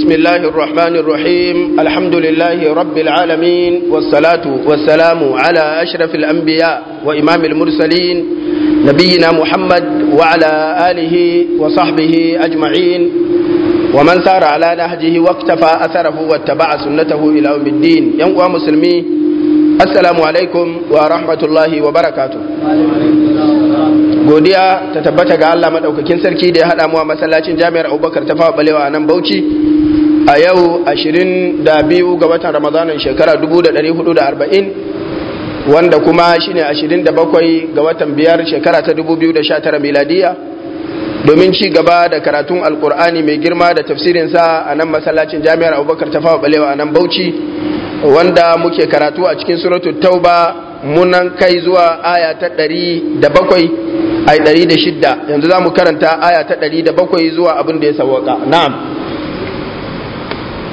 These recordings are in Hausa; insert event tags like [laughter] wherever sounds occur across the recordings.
بسم الله الرحمن الرحيم الحمد لله رب العالمين والصلاة والسلام على أشرف الأنبياء وإمام المرسلين نبينا محمد وعلى آله وصحبه أجمعين ومن سار على نهجه واكتفى أثره واتبع سنته إلى يوم الدين ينقوى مسلمي السلام عليكم ورحمة الله وبركاته godiya ta tabbata ga Allah madaukakin sarki da ya hada mu a masallacin Jami'ar Abubakar ta fawa balewa a nan Bauchi a yau 22 ga watan Ramadanin shekara 1440 wanda kuma shine 27 ga watan biyar shekara ta 2019 miladiya domin ci gaba da karatun alkur'ani mai girma da tafsirinsa a nan masallacin jami'ar abubakar ta fawa balewa a nan bauchi wanda muke karatu a cikin suratul tauba munan kai zuwa aya ta ɗari da bakwai ai 106 yanzu za mu karanta aya ta 107 zuwa abin da ya sawwaka na'am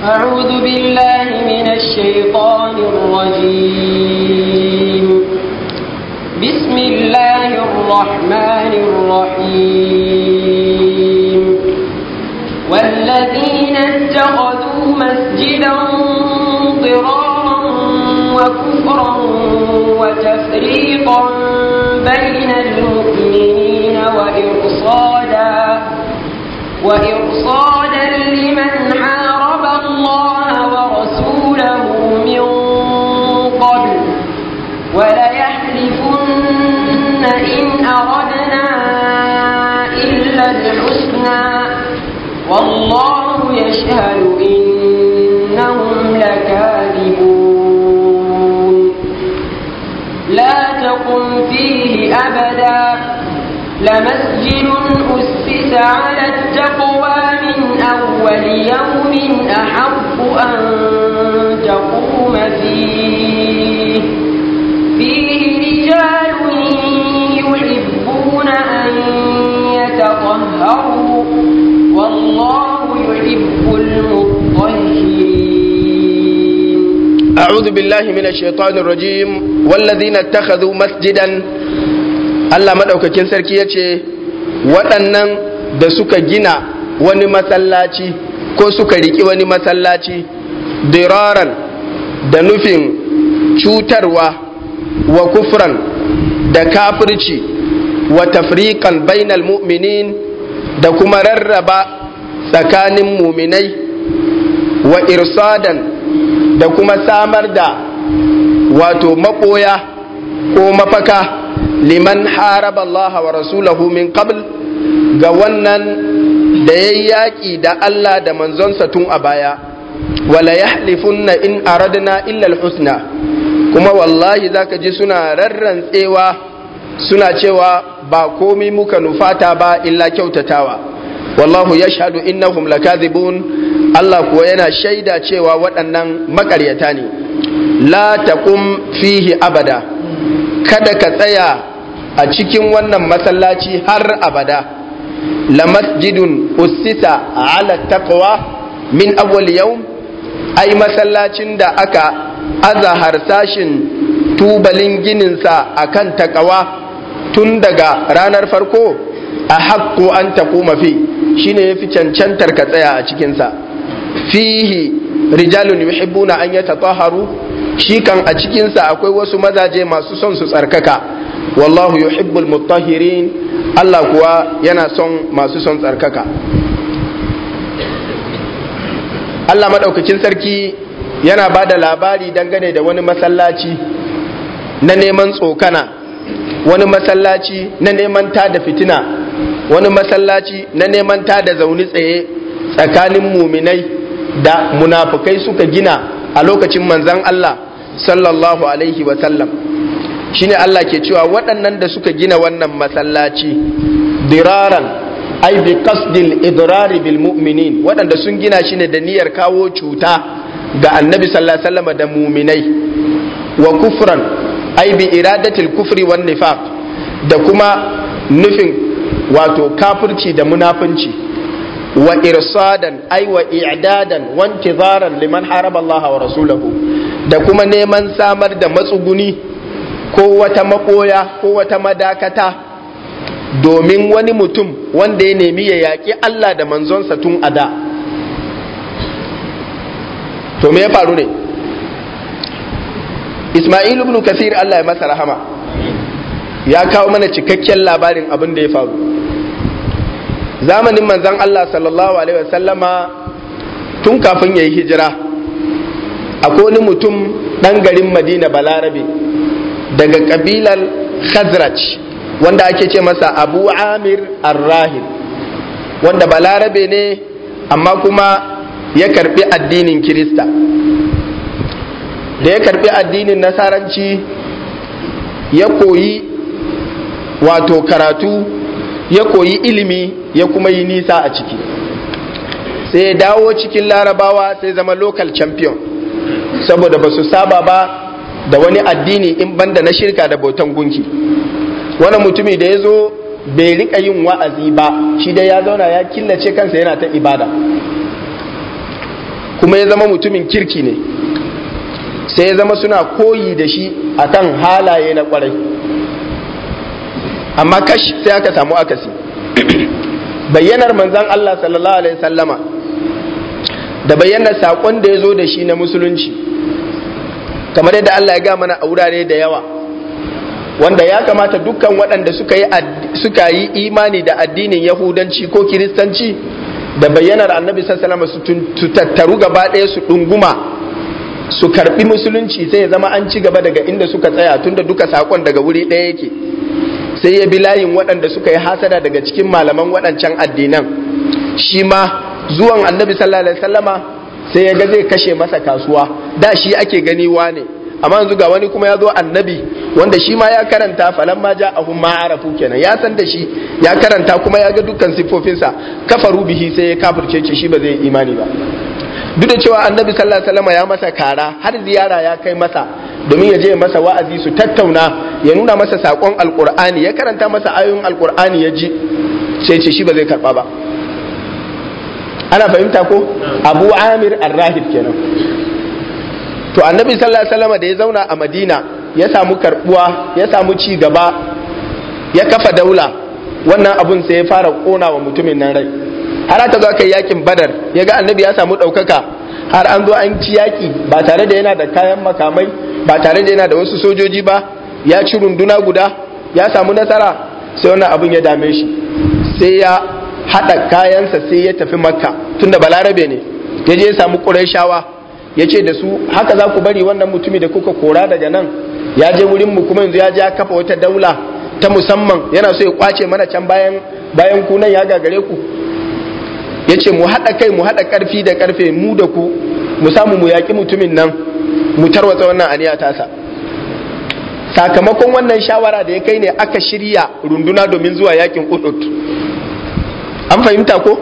أعوذ بالله من الشيطان الرجيم بسم الله الرحمن الرحيم والذين اتخذوا مسجدا ضرارا وكفرا وتفريقا بين المؤمنين وإرصادا وإرصادا لمن حارب الله ورسوله من قبل وليحلفن إن أردنا إلا الحسنى والله يشهد إن لمسجد أسس على التقوى من أول يوم أحق أن تقوم فيه فيه رجال يحبون أن يتطهروا والله يحب المطهرين أعوذ بالله من الشيطان الرجيم والذين اتخذوا مسجدا Allah maɗaukakin sarki ya ce waɗannan da suka gina wani masallaci ko suka riƙi wani masallaci diraran da nufin cutarwa wa kufran da kafirci wa tafriqan bainal mu'minin da kuma rarraba tsakanin muminai wa irsadan da kuma samar da wato maɓoya ko mafaka liman haraba Allah wa rasulahu min qabl ga wannan da yayi yaki da Allah da manzonsa tun a baya wala yahlifunna in aradna illa alhusna kuma wallahi zaka ji suna rarrantsewa suna cewa ba komai muka nufata ba illa kyautatawa wallahu yashhadu innahum lakadhibun Allah kuwa yana shaida cewa waɗannan maƙaryata ne la taqum fihi abada kada ka tsaya a cikin wannan masallaci har abada la masjidun ussisa ala taqwa min awwal yawm ai masallacin da aka azahar sashin tubalin ginin gininsa akan takawa tun daga ranar farko a haƙƙo an kuma fi shine yafi cancantar ka tsaya a cikinsa fihi rijalun yuhibbuna an yatahharu shi kan a cikinsa akwai wasu mazaje masu son su tsarkaka wallahu yuhibbul mutahirin, Allah kuwa yana son masu son tsarkaka Allah madaukakin sarki yana ba da labari dangane da wani masallaci na neman tsokana wani masallaci na neman tada fitina wani masallaci na neman tada zaune tsaye tsakanin muminai da munafukai suka gina a lokacin manzan Allah sallallahu alaihi wa sallam shine Allah ke cewa waɗannan da suka gina wannan masallaci diraran ai bi qasdil idrari bil mu'minin waɗanda sun gina shi ne da niyyar kawo cuta ga annabi sallallahu alaihi sallam da muminai wa kufran ai bi iradatil kufri wan nifaq da kuma nufin wato kafirci da munafunci wa irsadan ai wa i'dadan wa intizaran liman haraba Allah wa rasulahu da kuma neman samar da matsuguni ko wata makoya ko wata madakata domin wani mutum wanda ya nemi ya yaƙi Allah da manzonsa tun a da to me ya faru ne Isma'il ibn Kasir Allah ya masa rahama ya kawo mana cikakken labarin abin da ya faru zamanin manzon Allah sallallahu alaihi wasallama tun kafin ya yi hijira akwai wani mutum ɗan garin madina balarabe daga ƙabilar khazraj wanda ake ce masa abu amir arrahim wanda balarabe ne amma kuma ya karbi addinin kirista da ya karbi addinin nasaranci ya koyi wato karatu ya koyi ilimi ya kuma yi nisa a ciki sai ya dawo cikin larabawa sai zama local champion saboda ba su saba ba da wani addini in banda na shirka da bautan gunki wani mutumi da ya zo bai rika yin wa'azi ba shi dai ya zauna ya killace kansa yana ta ibada kuma ya zama mutumin kirki ne sai ya zama suna koyi da shi a kan halaye na kwarai amma kashi sai aka samu akasi [coughs] bayyanar manzan Allah sallallahu alaihi sallama da bayyana saƙon da ya zo da shi na musulunci kamar yadda Allah ya ga mana a wurare da yawa wanda ya kamata dukkan waɗanda suka yi imani da addinin yahudanci ko kiristanci da bayyanar annabi sallama su tattaru gaba ɗaya su ɗunguma su karɓi musulunci sai ya zama an ci gaba daga inda suka tsaya tunda duka saƙon daga wuri ɗaya yake sai ya bi layin waɗanda suka yi hasada daga cikin malaman waɗancan addinan shi ma zuwan annabi sallallahu alaihi wasallama sai ya ga zai kashe masa kasuwa da shi ake gani ne. amma yanzu ga wani kuma ya zo annabi wanda shi ma ya karanta falan ma ja ahun ma arafu kenan ya san da shi ya karanta kuma ya ga dukkan siffofinsa kafaru bihi sai ya kafirce ce shi ba zai imani ba duk da cewa annabi sallallahu alaihi wasallam ya masa kara har ziyara ya kai masa domin ya je masa wa'azi su tattauna ya nuna masa sakon alqur'ani ya karanta masa ayoyin alqur'ani ya ji sai ce shi ba zai karba ba ana fahimta ko abu amir arrahib kenan to annabi sallallahu alaihi wasallam da ya zauna a madina ya samu karbuwa ya samu ci gaba ya kafa daula wannan abun sai ya fara kona wa mutumin nan rai har ta zo kai yakin badar ya ga annabi ya samu ɗaukaka har an zo an ci yaki ba tare da yana da kayan makamai ba tare da yana da wasu sojoji ba ya ci runduna guda ya samu nasara sai wannan abun ya dame shi sai ya haɗa kayansa sai ya tafi makka tunda balarabe ne ya je ya samu ƙurayshawa ya ce da su haka za ku bari wannan mutumi da kuka kora daga nan ya je wurin mu kuma yanzu ya je ya kafa wata daula ta musamman yana so ya kwace mana can bayan bayan ku nan ya gagare ku ya ce mu haɗa kai mu haɗa ƙarfi da ƙarfe mu da ku mu samu mu yaƙi mutumin nan mu tarwatsa wannan aniya tasa sakamakon wannan shawara da ya kai ne aka shirya runduna domin zuwa yakin uhud an fahimta ko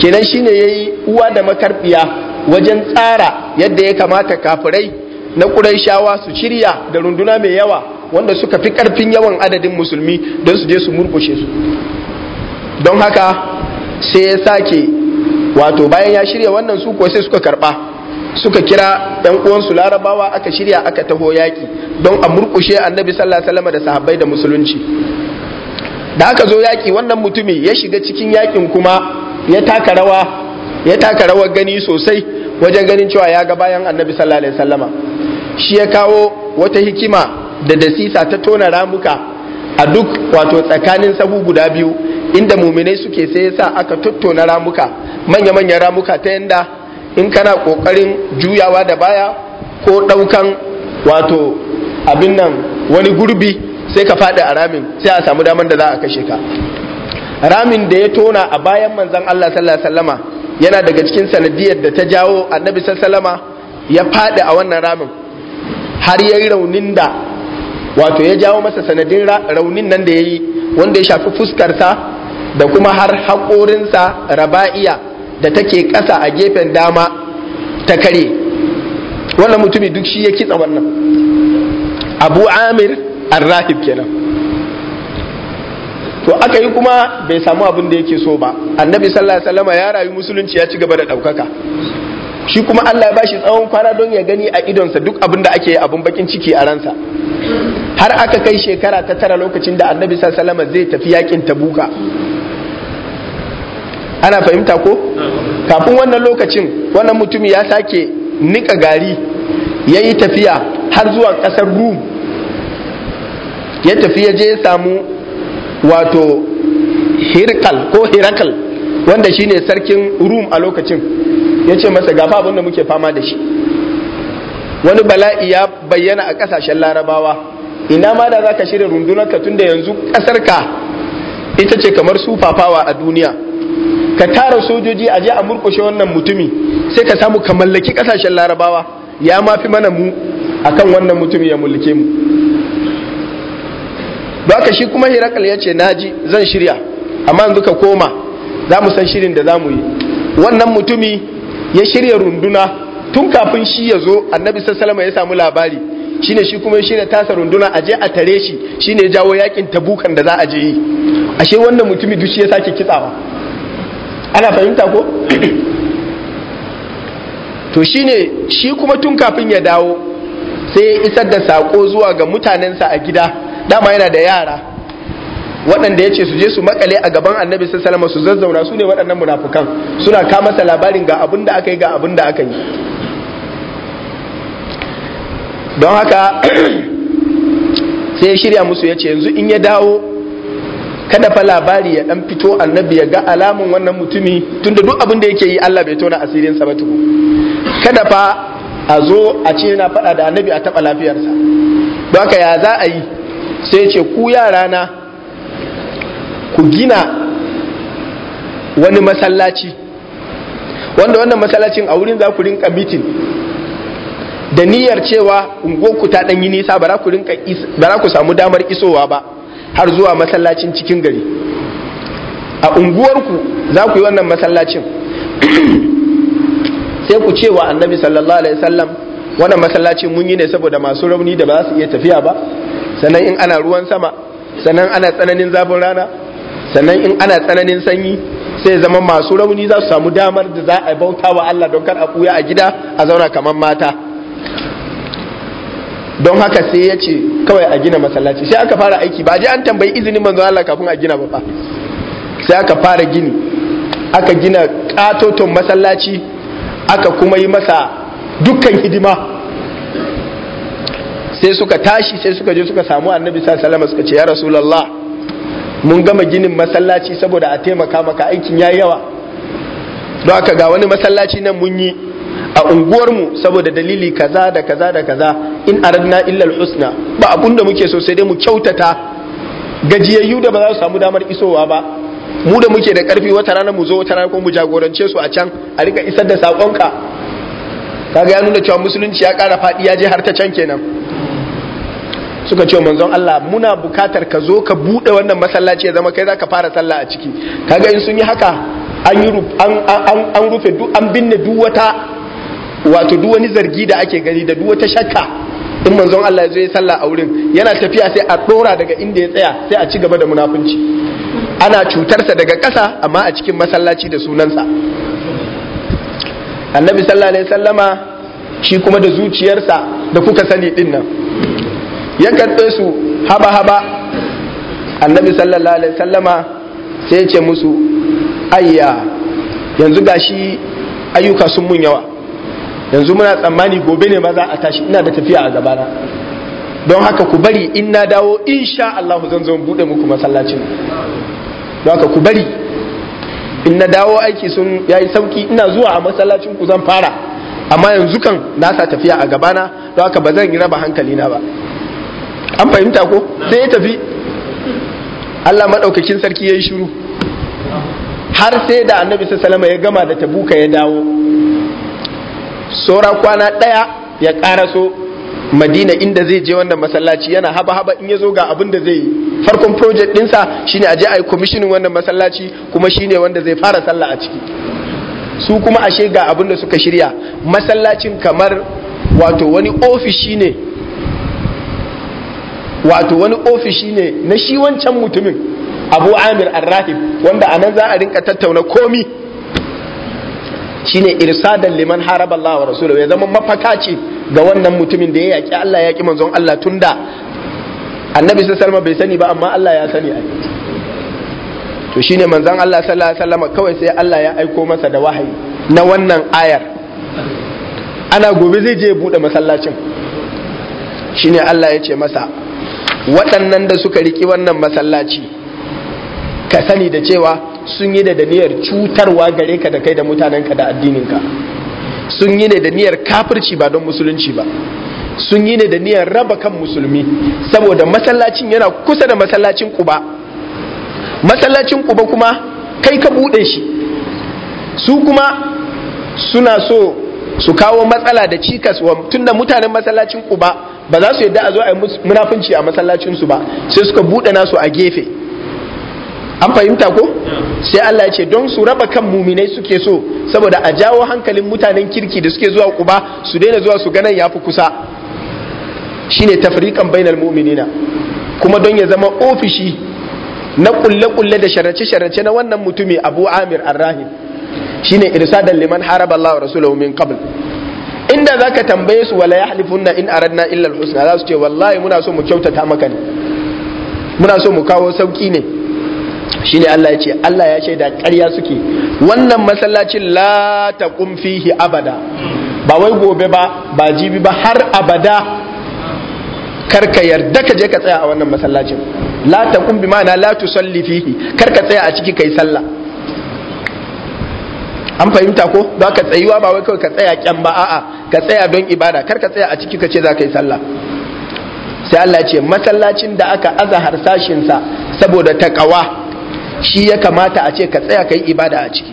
kenan shine yayi uwa da makarbiya wajen tsara yadda ya kamata kafirai na ƙuraishawa su shirya da runduna mai yawa wanda suka fi karfin yawan adadin musulmi don su je su murkushe su don haka sai ya sake wato bayan ya shirya wannan su ko sai suka karba suka kira ɗan uwansu larabawa aka shirya aka taho yaƙi don a murkushe annabi sallallahu alaihi da sahabbai da musulunci da aka zo yaƙi wannan mutumin ya shiga cikin yaƙin kuma ya taka rawa ya taka rawar gani sosai wajen ganin cewa ya ga bayan annabi sallallahu alaihi wasallama shi ya kawo wata hikima da dasisa ta tona ramuka a duk wato tsakanin sahu guda biyu inda muminai suke sai sa aka tattona ramuka manya-manyan ramuka ta yanda in kana kokarin juyawa da baya ko daukan wato abin nan wani gurbi sai ka faɗi a ramin sai a samu damar da za a kashe ka ramin da ya tona a bayan manzan. Allah sallallahu alaihi wasallama yana daga cikin sanadiyar da ta jawo annabi sallallahu alaihi wasallama ya fada a wannan ramin har yayi raunin da wato ya jawo masa sanadin raunin nan da yayi wanda ya shafi fuskarsa da kuma har sa raba'iya da take kasa a gefen dama ta kare wannan mutumi duk shi ya kitsa wannan abu amir arrahib kenan to aka yi kuma bai samu abin da yake so ba annabi sallallahu alaihi wasallama ya rayu musulunci ya ci gaba da ɗaukaka shi kuma Allah ya bashi tsawon kwana don ya gani a idonsa duk abin da ake abin bakin ciki a ransa har aka kai shekara ta tara lokacin da annabi sallama zai tafi yakin tabuka ana fahimta ko kafin wannan lokacin wannan mutumi ya sake nika gari ya yi tafiya har zuwa ƙasar rum ya tafi ya je ya samu wato hirkal ko hirakal wanda shine sarkin rum a lokacin ya ce masa gafa abin da muke fama da shi wani bala'i ya bayyana a ƙasashen larabawa ina ma da za ka shirya rundunarka tun da yanzu ƙasarka ita ce kamar su fafawa a duniya ka tara sojoji a je a murkushe wannan mutumi sai ka samu ka mallaki kasashen larabawa ya mafi mana mu akan wannan mutumi ya mulke mu haka shi kuma hirakal ya ce naji zan shirya amma yanzu ka koma za mu san shirin da za mu yi wannan mutumi ya shirya runduna tun kafin shi ya zo annabi sassalama ya samu labari shine shi kuma shirya tasa runduna a je a tare shi shine ya jawo yakin tabukan da za a je yi ashe wannan mutumi duk shi ya sake kitsawa ana fahimta ko [clears throat] to shine shi kuma tun kafin ya dawo sai ya isar da sako zuwa ga mutanensa a gida dama yana da yara waɗanda ya ce su je su makale a gaban annabi sassalama su zazzauna su ne waɗannan munafukan suna kama masa labarin ga abin da aka yi ga abin da aka yi don haka [clears throat] sai ya shirya musu ya ce yanzu in ya dawo kada fa labari ya dan fito annabi ya ga alamun wannan mutumi tunda duk abin da yake yi Allah bai tona asirin sa ba tuku kada fa a zo a ce yana faɗa da annabi a taɓa lafiyarsa don haka ya za a yi sai ce ku yara na ku gina wani masallaci wanda wannan masallacin a wurin za ku rinka mitin da niyyar cewa unguwarku ta yi nisa ba za ku samu damar isowa ba har zuwa masallacin cikin gari a unguwarku za ku yi wannan masallacin [clears throat] sai ku cewa annabi sallallahu alaihi wasallam wannan masallacin mun yi ne saboda masu rauni da ba za su iya tafiya ba sannan in ana ruwan sama sannan ana tsananin zafin rana sannan in ana tsananin sanyi sai zama masu rauni za su samu damar da za a bauta wa Allah don kar a kuya a gida a zauna kamar mata don haka sai ya ce kawai a gina masallaci sai aka fara aiki ba je an tambayi izinin manzo Allah kafin a gina ba fa sai aka fara gini aka gina katoton masallaci aka kuma yi masa dukkan hidima sai suka tashi sai suka je suka samu annabi sallallahu suka ce ya rasulullah mun gama ginin masallaci saboda a taimaka maka aikin yayi yawa don haka ga wani masallaci nan mun yi a unguwarmu saboda dalili kaza da kaza da kaza in aradna illa husna ba abun da muke so sai dai mu kyautata gajiyayyu da ba za su samu damar isowa ba mu da muke da karfi wata rana mu zo wata rana kuma mu jagorance su a can a rika isar da sakonka kaga ya nuna cewa musulunci ya kara fadi ya je har ta can kenan suka ce manzon Allah muna bukatar ka zo ka bude wannan masallaci ya zama kai zaka fara sallah a ciki kaga in sun yi haka an yi an rufe duk an binne duk wata wato duk wani zargi da ake gani da duk wata shakka in manzon Allah ya zo ya sallah a wurin yana tafiya sai a dora daga inda ya tsaya sai a ci gaba da munafunci ana cutarsa daga ƙasa amma a cikin masallaci da sunansa annabi sallallahu alaihi sallama shi kuma da zuciyarsa da kuka sani din nan ya karɓe su haba haba annabi sallallahu alaihi sallama sai ya ce musu ayya yanzu gashi ayyuka sun mun yawa yanzu muna tsammani gobe ne ma za a tashi ina da tafiya a gabana don haka ku bari in na dawo insha Allah zan zo bude muku masallacin don haka ku bari in na dawo aiki sun yayi sauki ina zuwa a masallacin ku zan fara amma yanzu kan na tafiya a gabana don haka ba zan yi raba hankali na ba an fahimta ko sai ya tafi Allah maɗaukakin sarki ya yi shiru har sai da annabi sallama ya gama da tabuka ya dawo saura kwana ɗaya ya ƙaraso madina inda zai je wannan masallaci yana haba haba in ya zo ga abin da zai yi farkon project ɗinsa shine a je a yi kwamishinin wannan masallaci kuma shine wanda zai fara sallah a ciki su kuma ashe ga abin da suka shirya masallacin kamar wato wani ofishi ne wato wani ofishi ne na shi wancan mutumin abu amir arrahib wanda a nan za a rinka tattauna komi shine irsadan liman haraba Allah wa rasuluhu ya zama mafaka ce ga wannan mutumin da ya yaki Allah ya ki manzon Allah tunda annabi sallallahu bai sani ba amma Allah ya sani ai to shine manzon Allah sallallahu alaihi wasallam kawai sai Allah ya aiko masa da wahayi na wannan ayar ana gobe zai je ya bude masallacin shine Allah ya ce masa waɗannan da suka riki wannan masallaci ka sani da cewa sun yi da daniyar cutarwa gare ka da kai da mutanenka da addininka sun yi ne da niyyar kafirci ba don musulunci ba sun yi ne da niyyar raba kan musulmi saboda masallacin yana kusa da masallacin kuba masallacin kuba kuma kai ka buɗe shi su kuma suna so su kawo matsala da cikas wa tunda mutanen masallacin kuba ba za su yadda a zo a yi munafunci a masallacinsu ba sai suka buɗe nasu a gefe an fahimta ko sai Allah ya ce don su raba kan muminai suke so saboda a jawo hankalin mutanen kirki da suke zuwa kuba su daina zuwa su ganan yafi kusa shine tafriqan bainal mu'minina kuma don ya zama ofishi na ƙulle kulle da sharace-sharace na wannan mutumi Abu Amir Arrahim shine irsadan liman haraba Allah wa rasulahu min qabl inda za ka tambaye su wala na in a ranar illa husna za su ce wallahi muna so mu kyautata maka ne muna so mu kawo sauki ne Shi ne Allah ya ce Allah ya shaida karya suke wannan masallacin la ta fihi abada ba wai gobe ba ba jibi ba har abada karka yarda ka je ka tsaya a wannan masallacin la ta bi ma'ana la salli fihi karka tsaya a ciki kai sallah an fahimta ko ba ka tsayuwa ba wai kawai ka tsaya kyan ba a'a ka tsaya don ibada kar ka tsaya a ciki ka ce za ka yi sallah sai Allah ce masallacin da aka aza harsashinsa saboda takawa shi ya kamata a ce ka tsaya ka yi ibada a ciki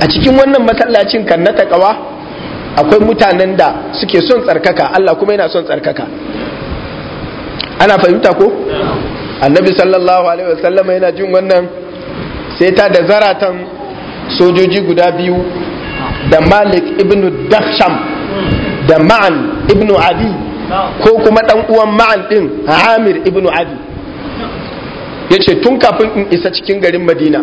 a cikin wannan masallacin kan na takawa akwai mutanen da suke son tsarkaka Allah kuma yana son tsarkaka ana fahimta ko annabi sallallahu alaihi wasallam yana jin wannan sai ta da zaratan sojoji guda biyu da malik ibn dakhsham da ma'an ibn adi ko kuma dan uwan ma'an din amir ibn adi yace tun kafin in isa cikin garin madina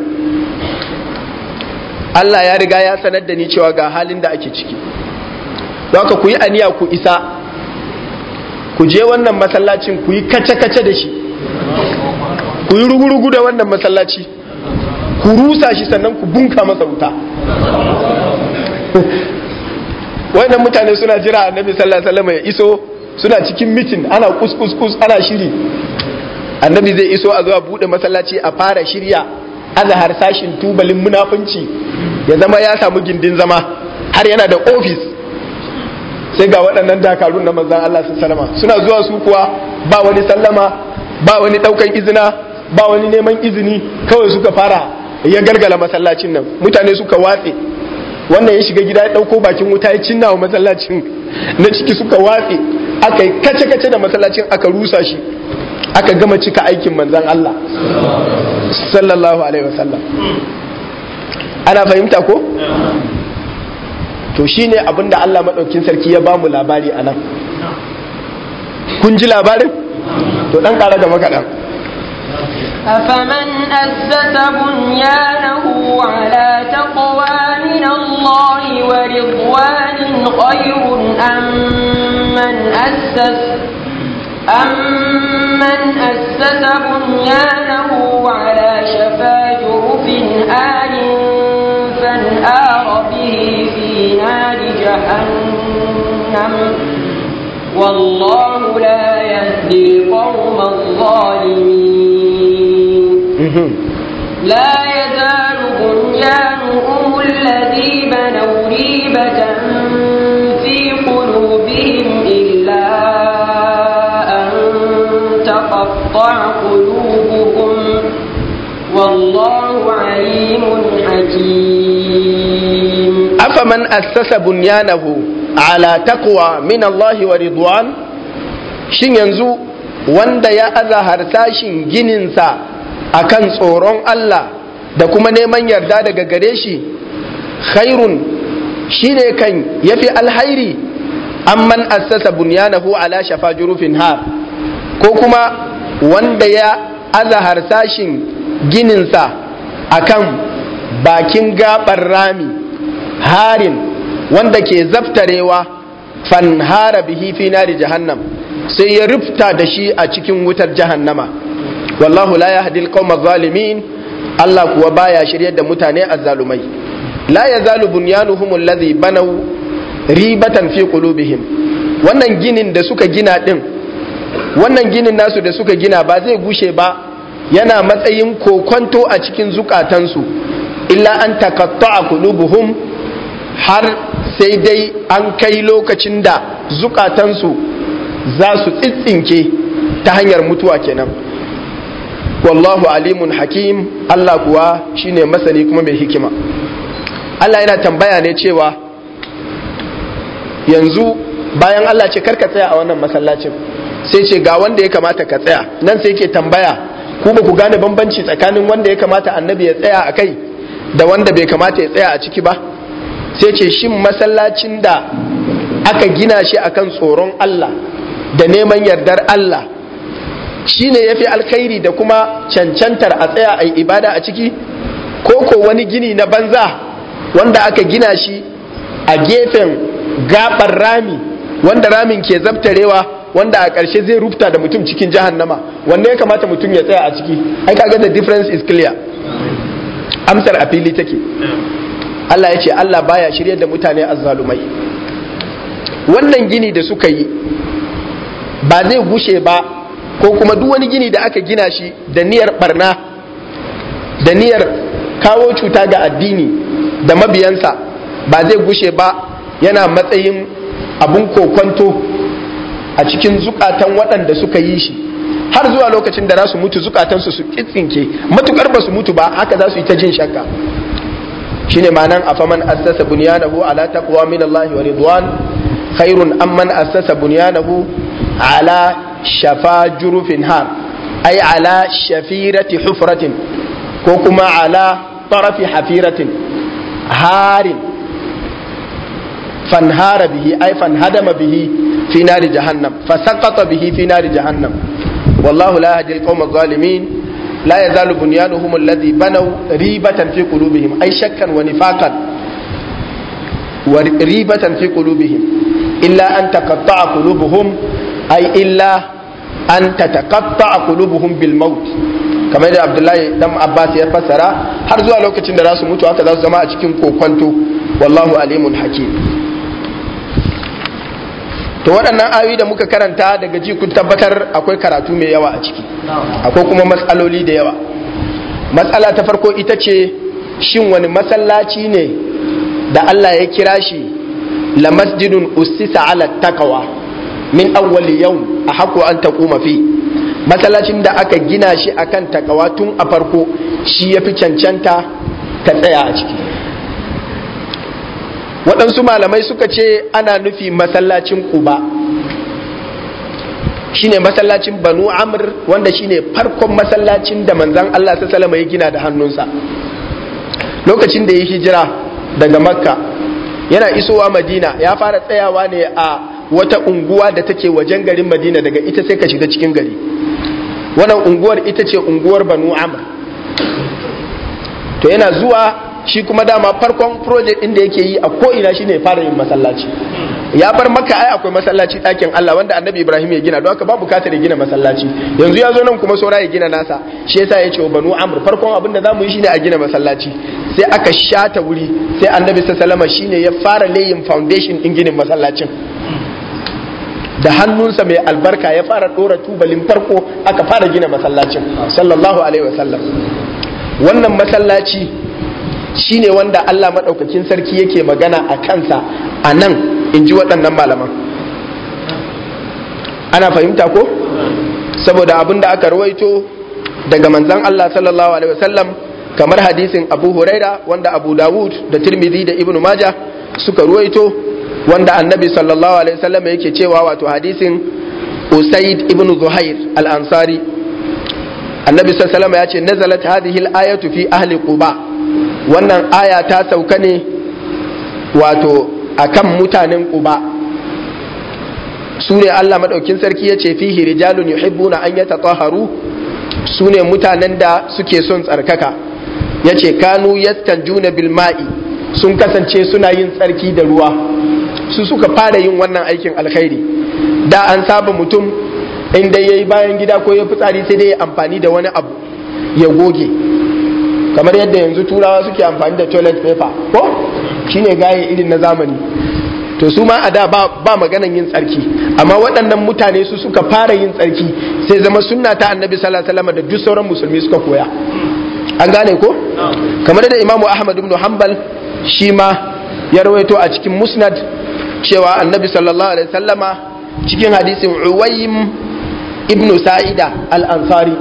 allah ya riga ya sanar da ni cewa ga halin da ake ciki don ku yi aniya ku isa ku je wannan masallacin ku yi kace-kace da shi ku yi rugu-rugu da wannan masallaci ku rusa shi sannan ku bunka masa wuta wannan mutane suna jira annabi sallallahu alaihi ya iso suna cikin mitin ana kuskus ana shiri annabi zai iso a zuwa bude masallaci a fara shirya azhar sashin tubalin munafunci ya zama ya samu gindin zama har yana da ofis sai ga waɗannan dakarun na mazan Allah sun salama suna zuwa su kuwa ba wani sallama ba wani ɗaukan izina ba wani neman izini kawai suka fara ya gargala masallacin nan mutane suka watse wannan ya shiga gida ya ɗauko bakin wuta ya cinna wa masallacin na ciki suka watse aka yi kace-kace da masallacin aka rusa shi aka gama cika aikin manzan Allah sallallahu alaihi wasallam ana fahimta ko to shine abin da Allah maɗaukin sarki ya ba mu labari anan? kun ji labarin to ɗan kara gaba kaɗan أفمن أسس بنيانه على تقوى من الله ورضوان خير أم من أسس أمن أسس بنيانه على شفا جرف آل فانآر به في نار جهنم والله لا يهدي القوم الظالمين بهم لا يزال بنيانهم الذي بنوا ريبة في قلوبهم إلا أن تقطع قلوبهم والله عليم حكيم أفمن أسس بنيانه على تقوى من الله ورضوان shin yanzu wanda ya aza harsashin gininsa akan tsoron Allah da kuma neman yarda daga gare shi khairun shine kan yafi alhairi amman assasa bunyanahu ala shafa jurufin har ko kuma wanda ya azahar sashin gininsa akan bakin gabar rami harin wanda ke zaftarewa fanhara bihi fi nari jahannam sai ya rufta da shi a cikin wutar jahannama wallahu la yahdi alqawma zalimin Allah kuwa baya shiryar da mutane azzalumai la yazalu bunyanuhum alladhi banaw ribatan fi qulubihim wannan ginin da suka gina din wannan ginin nasu da suka gina ba zai gushe ba yana matsayin kokonto a cikin zukatansu illa an taqatta'a qulubuhum har sai dai an kai lokacin da zukatansu za su tsitsinke ta hanyar mutuwa kenan wallahu alimun hakim Allah kuwa shine masani kuma mai hikima Allah yana tambaya ne cewa yanzu bayan Allah ce karka tsaya a wannan masallacin sai ce ga wanda ya kamata ka tsaya nan sai ke tambaya ku ba ku gane bambanci tsakanin wanda ya kamata annabi ya tsaya a kai da wanda bai kamata ya tsaya a ciki ba sai ce shin masallacin da aka gina shi akan tsoron Allah da neman yardar Allah Shi ne ya fi alkhairi da kuma cancantar a tsaya a ibada a ciki ko ko wani gini na banza wanda aka gina shi a gefen gabar rami wanda ramin ke zabtarewa wanda a ƙarshe zai rufta da mutum cikin jahannama wanda ya kamata mutum ya tsaya a ciki ai kaga the difference is clear amsar a fili take Allah ya ce Allah baya shirye da mutane azzalumai wannan gini da suka yi ba zai gushe ba ko kuma duk wani gini da aka gina shi da niyar barna da niyar kawo cuta ga addini da mabiyansa ba zai gushe ba yana matsayin abun kokonto a cikin zukatan waɗanda suka yi shi har zuwa lokacin da za su mutu zukatansu su kitsinke matukar ba su mutu ba haka za su yi ta jin shakka shine ma'anan afaman assasa bunyanahu ala taqwa min Allah wa ridwan khairun amman assasa bunyanahu ala شفا جروف هام أي على شفيرة حفرة كوكما على طرف حفيرة هار فانهار به أي فانهدم به في نار جهنم فسقط به في نار جهنم والله لا يهدي القوم الظالمين لا يزال بنيانهم الذي بنوا ريبة في قلوبهم أي شكا ونفاقا وريبة في قلوبهم إلا أن تقطع قلوبهم ai illa an tataqatta a bil bilmaut kamar da Abdullahi dan Abbas ya fassara har zuwa lokacin da za su mutu haka za su zama a cikin kokwanto wallahu alimun hakim to waɗannan ayoyi da muka karanta daga ji kun tabbatar akwai karatu mai yawa a ciki akwai kuma matsaloli da yawa matsala ta farko ita ce shin wani masallaci ne da Allah ya kira shi la masjidun usisa ala takawa min awwali yau a haku an taquma fi masallacin da aka gina shi a akan takawa tun a farko shi yafi cancanta ta tsaya a ciki waɗansu malamai suka ce ana nufi masallacin kuba shine masallacin banu amr wanda shine farkon masallacin da manzan Allah ta ya gina da hannunsa lokacin da ya hijira daga makka yana isowa madina ya fara tsayawa ne a wata unguwa da take wajen garin madina daga ita sai ka shiga cikin gari wannan unguwar ita ce unguwar banu amr to yana zuwa shi kuma dama farkon project din da yake yi a ko'ina shi ne fara yin masallaci ya bar maka ai akwai masallaci ɗakin Allah wanda annabi Ibrahim ya gina don haka ba bukatar ya gina masallaci yanzu ya zo nan kuma saura ya gina nasa shi yasa ya ce banu amr farkon abin da za mu yi shine a gina masallaci sai aka shata wuri sai annabi sallallahu alaihi wasallam shine ya fara layin foundation din ginin masallacin da hannunsa mai albarka ya fara dora tubalin farko aka fara gina masallacin sallallahu alaihi wasallam wannan masallaci shine wanda Allah madaukakin sarki yake magana a kansa a nan in ji waɗannan malaman ana fahimta ko saboda abin da aka ruwaito daga manzan Allah sallallahu alaihi wasallam kamar hadisin Abu Huraira wanda Abu Dawud da Tirmidhi da Ibn Majah suka ruwaito wanda annabi sallallahu alaihi wasallam yake cewa wato hadisin usaid ibn zuhair al-ansari annabi sallallahu ya ce nazalat hadhihi al-ayatu fi ahli quba wannan aya ta sauka ne wato akan mutanen quba su Allah madaukin sarki ya ce fihi rijalun yuhibbuna an yatatahharu su ne mutanen da suke son tsarkaka yace kanu yattanjuna bil ma'i sun kasance suna yin tsarki da ruwa su suka fara yin wannan aikin alkhairi da an saba mutum in dai yi bayan gida ko ya fitsari sai dai ya amfani da wani abu ya goge kamar yadda yanzu turawa suke amfani da toilet paper ko shine gaye irin na zamani to su ma a da ba, maganar maganan yin tsarki amma waɗannan mutane su suka fara yin tsarki sai zama sunna ta annabi sallallahu da duk sauran musulmi suka koya an gane ko kamar da imamu ahmad ibn hanbal shi ma ya rawaito a cikin musnad cewa annabi sallallahu alaihi sallama cikin hadisin uwayim ibnu sa'ida al-ansari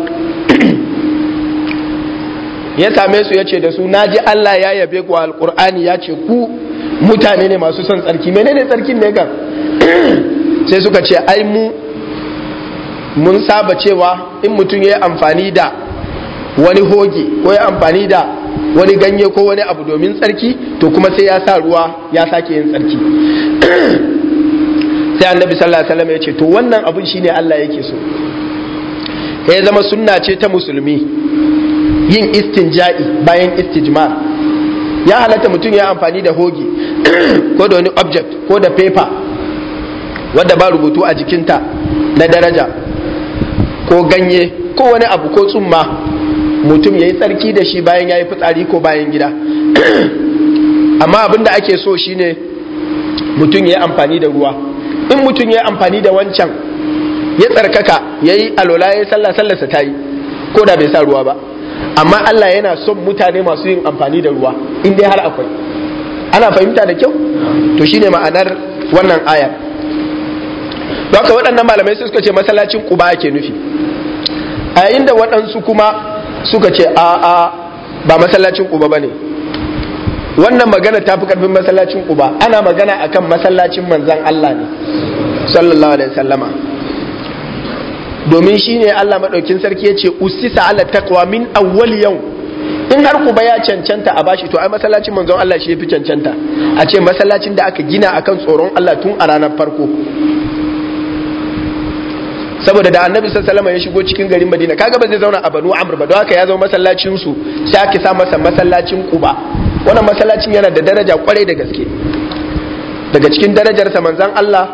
[clears throat] ya same su ya ce da su naji Allah ya yabe ku al al-qur'ani ya ce ku mutane ne masu son tsarki menene tsarkin ne kan [clears throat] sai suka ce ai mu mun saba cewa in mutum ya yi amfani da wani hoge ko ya amfani da wani ganye ko wani abu domin tsarki to kuma sai ya sa ruwa ya sake yin tsarki [clears throat] sai annabi sallallahu alaihi wasallam ya ce to wannan abun shine Allah yake so ya zama sunna ce ta musulmi yin istinja'i bayan istijmar ya halatta mutum ya amfani da hogi [clears throat] ko da wani object ko da paper wadda ba rubutu a jikinta na daraja ko ganye ko wani abu ko tsumma mutum ya yi tsarki da shi bayan ya yi fitsari ko bayan gida [clears throat] amma abin da ake so shine mutum ya yi amfani da ruwa in mutum ya yi amfani da wancan ya tsarkaka ya yi alola ya yi sallah sallarsa ta yi ko da bai sa ruwa ba amma Allah yana son mutane masu yin amfani da ruwa in dai har akwai ana fahimta da kyau to shine ma'anar wannan aya haka waɗannan malamai sun suka ce masallacin quba ake nufi a yayin da waɗansu kuma suka ce a a ba masallacin uba ba ne wannan magana ta fi karfin masallacin uba ana magana akan masallacin manzan Allah ne sallallahu alaihi wasallama domin shi ne Allah maɗaukin sarki ya ce usisa ala ta min awwal yau in har kuba ya cancanta a bashi to ai masallacin manzon Allah shi ya fi cancanta a ce masallacin da aka gina akan tsoron Allah tun a ranar farko saboda da annabi sallallahu alaihi ya shigo cikin garin madina kaga ba zai zauna a banu amr ba don haka ya zama masallacin su sai sa masa masallacin quba wannan masallacin yana da daraja kwarai da gaske daga cikin darajarsa manzon Allah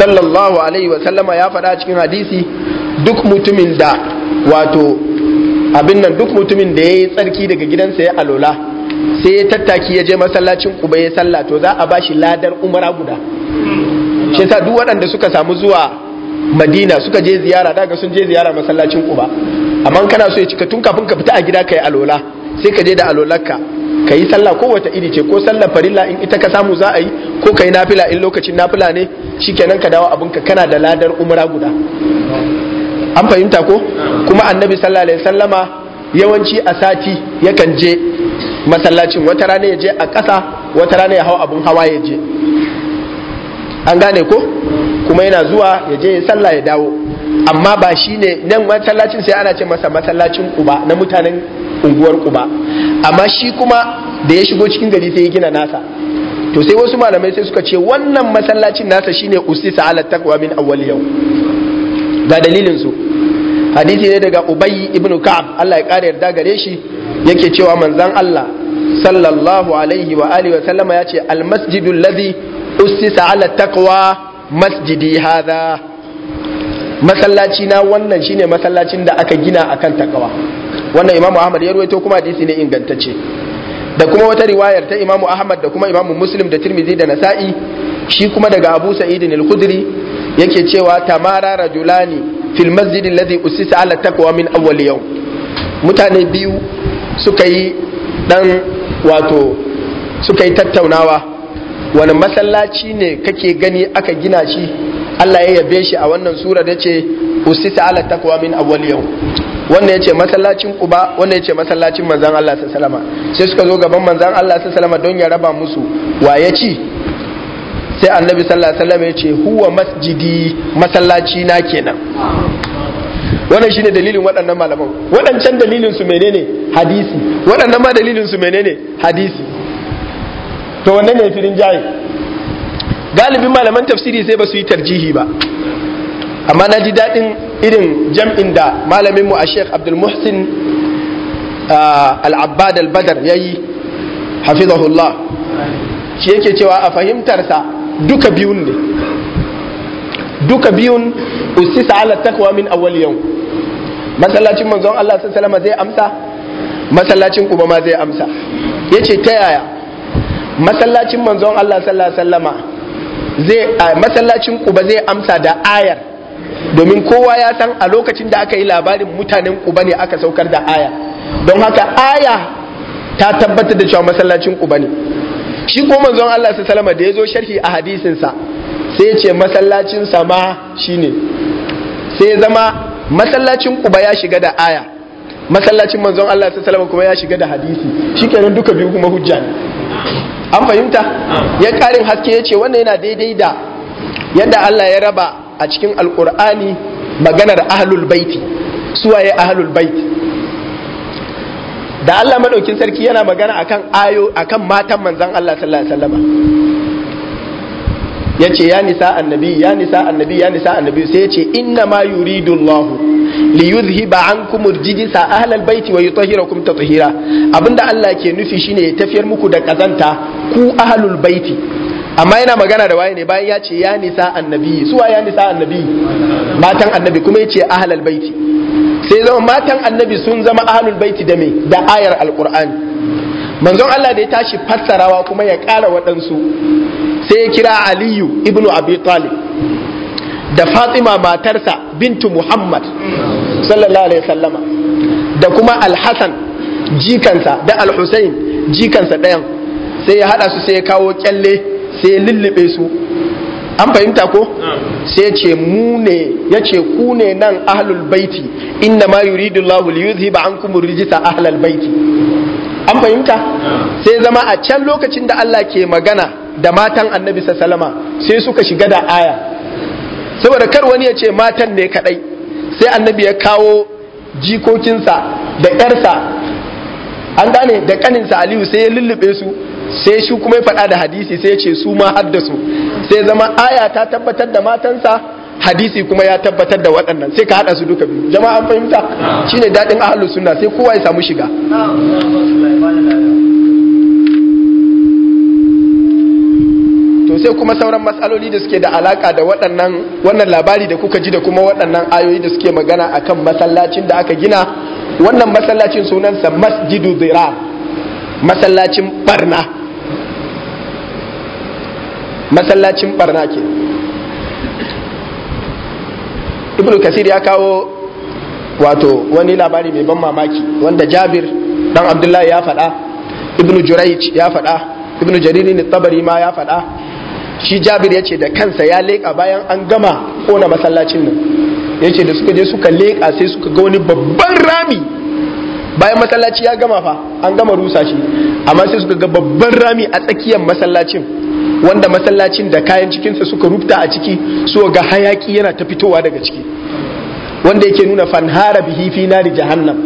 sallallahu alaihi wa sallama ya faɗa cikin hadisi duk mutumin da wato abin nan duk mutumin da ya yi tsarki daga gidansa ya alola sai ya tattaki ya je masallacin kuba ya salla to za a bashi ladar umara guda shi yasa duk waɗanda suka samu zuwa madina suka je ziyara daga sun je ziyara masallacin kuba amma kana so ya cika tun kafin ka fita a gida kai alola sai ka je da alolarka ka yi sallah ko wata iri ce ko sallar farilla in ita ka samu za a yi ko ka yi nafila in lokacin nafila ne shikenan ka dawo abinka kana da ladar umra guda an fahimta ko kuma annabi sallallahu alaihi sallama yawanci a sati yakan je masallacin wata rana ya je a ƙasa wata rana ya hau abun hawa ya je an gane ko kuma yana zuwa ya je ya sallah ya dawo amma ba shi ne nan masallacin sai ana ce masa masallacin kuba na mutanen unguwar kuba amma shi kuma da ya shigo cikin gari sai ya gina nasa to sai wasu malamai sai suka ce wannan masallacin nasa shine usisa ala takwa min awwal yau ga dalilin su hadisi ne daga ubayi ibn ka'ab Allah ya kare yarda gare shi yake cewa manzon Allah sallallahu alaihi wa alihi wa sallama yace al masjidul ladhi usisa ala taqwa masjidi hadha masallaci na wannan shine masallacin da aka gina akan takawa wannan imamu ahmad ya ruwaito kuma hadisi ne ingantacce da kuma wata riwayar ta imamu ahmad da kuma imamu muslim da tirmidhi da nasa'i shi kuma daga abu sa'id al-khudri yake cewa tamara rajulani fil masjid alladhi usisa ala taqwa min awwal yawm mutane biyu suka yi dan wato suka yi tattaunawa wani masallaci ne kake gani aka gina shi Allah ya yabe shi a wannan sura da ce usi ala takwa min awwal yau ya yace masallacin wannan ya yace masallacin manzan Allah sallallahu alaihi sai suka zo gaban manzan Allah sallallahu don ya raba musu wa ya ci sai annabi sallallahu alaihi wasallam yace huwa masjidi masallaci na kenan wannan shine dalilin waɗannan malaman waɗancan dalilin su menene hadisi waɗannan ma dalilin su menene hadisi to wanne ne firin jayi galibin malaman tafsiri sai ba su yi tarjihi ba amma na ji daɗin irin jam'in da malaminmu a sheikh abdul muhsin al-abbad al-badar ya yi hafizahullah shi yake cewa a fahimtarsa duka biyun ne duka biyun usisa ala takwa min awwal yau masallacin manzon Allah sallallahu alaihi zai amsa masallacin kuma ma zai amsa yace ta yaya masallacin manzon Allah sallallahu zai masallacin Quba zai amsa da ayar domin kowa ya san a lokacin da aka yi labarin mutanen Quba ne aka saukar da aya don haka aya ta tabbatar da cewa masallacin Quba ne shi ko manzon Allah sallallahu da ya zo sharhi a hadisin sa sai ce masallacin sama shine sai zama masallacin kuba ya shiga da aya masallacin manzon Allah sallallahu alaihi kuma ya shiga da hadisi Shi kenan duka biyu kuma hujja ne an fahimta ya karin haske ya ce wannan yana daidai da yadda Allah ya raba a cikin alkur'ani maganar ahalul baiti suwaye ahalul baiti da Allah maɗaukin sarki yana magana akan ayo akan matan manzan Allah sallallahu alaihi wasallam yace ya nisa annabi ya nisa annabi ya nisa annabi sai yace inna ma yuridu Allah li yuzhiba ankum rijisa ahlal baiti wa yutahhirakum tatheera abinda Allah ke nufi shine ya tafiyar muku da kazanta ku ahlul baiti amma yana magana da waye ne bayan ya ce ya nisa annabi suwa ya nisa annabi matan annabi kuma yace ahlul baiti sai zama matan annabi sun zama ahlul baiti da me da ayar alqur'ani manzon Allah da ya tashi fassarawa kuma ya kara waɗansu sai ya kira aliyu ibnu abi talib da fatima matarsa bintu muhammad sallallahu alaihi sallama da kuma alhassan jikansa da alhusain jikansa ɗayan sai ya hada su sai ya kawo kyalle sai ya lullube su an fahimta ko sai ce mu ne ya ce ku ne nan ahlul baiti inna ma yuridu Allah li yuzhiba ankum rijsa ahlul baiti an fahimta sai zama a can lokacin da Allah ke magana da matan annabi sallama sai suka shiga da aya saboda kar wani ya ce matan ne kadai sai annabi ya kawo jikokinsa da yarsa an gane da kanin sa aliyu sai ya lullube su sai shi kuma ya faɗa da hadisi sai ya ce su ma har da sai zama aya ta tabbatar da matansa hadisi kuma ya tabbatar da waɗannan sai ka haɗa su duka biyu jama'a an fahimta shine daɗin ahalu sunna sai kowa ya samu shiga to sai kuma sauran matsaloli da suke da alaka da waɗannan wannan labari da kuka ji da kuma waɗannan ayoyi da suke magana akan masallacin da aka gina wannan masallacin sunansa masjidu zira masallacin barna masallacin barna ke ibn kasir ya kawo wato wani labari mai ban mamaki wanda jabir dan abdullahi ya faɗa ibn jurayj ya faɗa ibn jaririn tabari ma ya faɗa shi jabir ya ce da kansa ya leƙa bayan an gama kona masallacin nan ya ce da suka je suka leƙa sai suka ga wani babban rami bayan masallaci ya gama fa an gama rusa shi amma sai suka ga babban rami a tsakiyar masallacin wanda masallacin da kayan cikinsa suka rufta a ciki so ga hayaki yana ta fitowa daga ciki wanda yake nuna fanhara bihi fi nari jahannam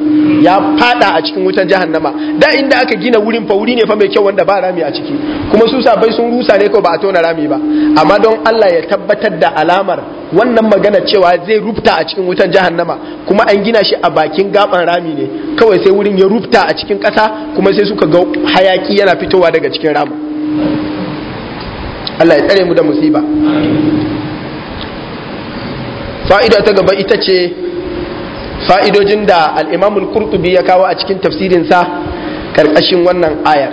ya fada a cikin wutar jahannama da inda aka gina wurin fa wuri ne fa mai kyau wanda ba rami a ciki kuma su sa bai sun rusa ne ko ba a tona rami ba amma don Allah ya tabbatar da alamar wannan magana cewa zai rufta a cikin wutar jahannama kuma an gina shi a bakin gaban rami ne kawai sai wurin ya rufta a cikin kasa kuma sai suka ga hayaki yana fitowa daga cikin rami. Allah ya tsare mu da musiba fa'ida ta gaba ita ce fa'idojin da al'imamul kurtubi ya kawo a cikin tafsirinsa karkashin wannan ayar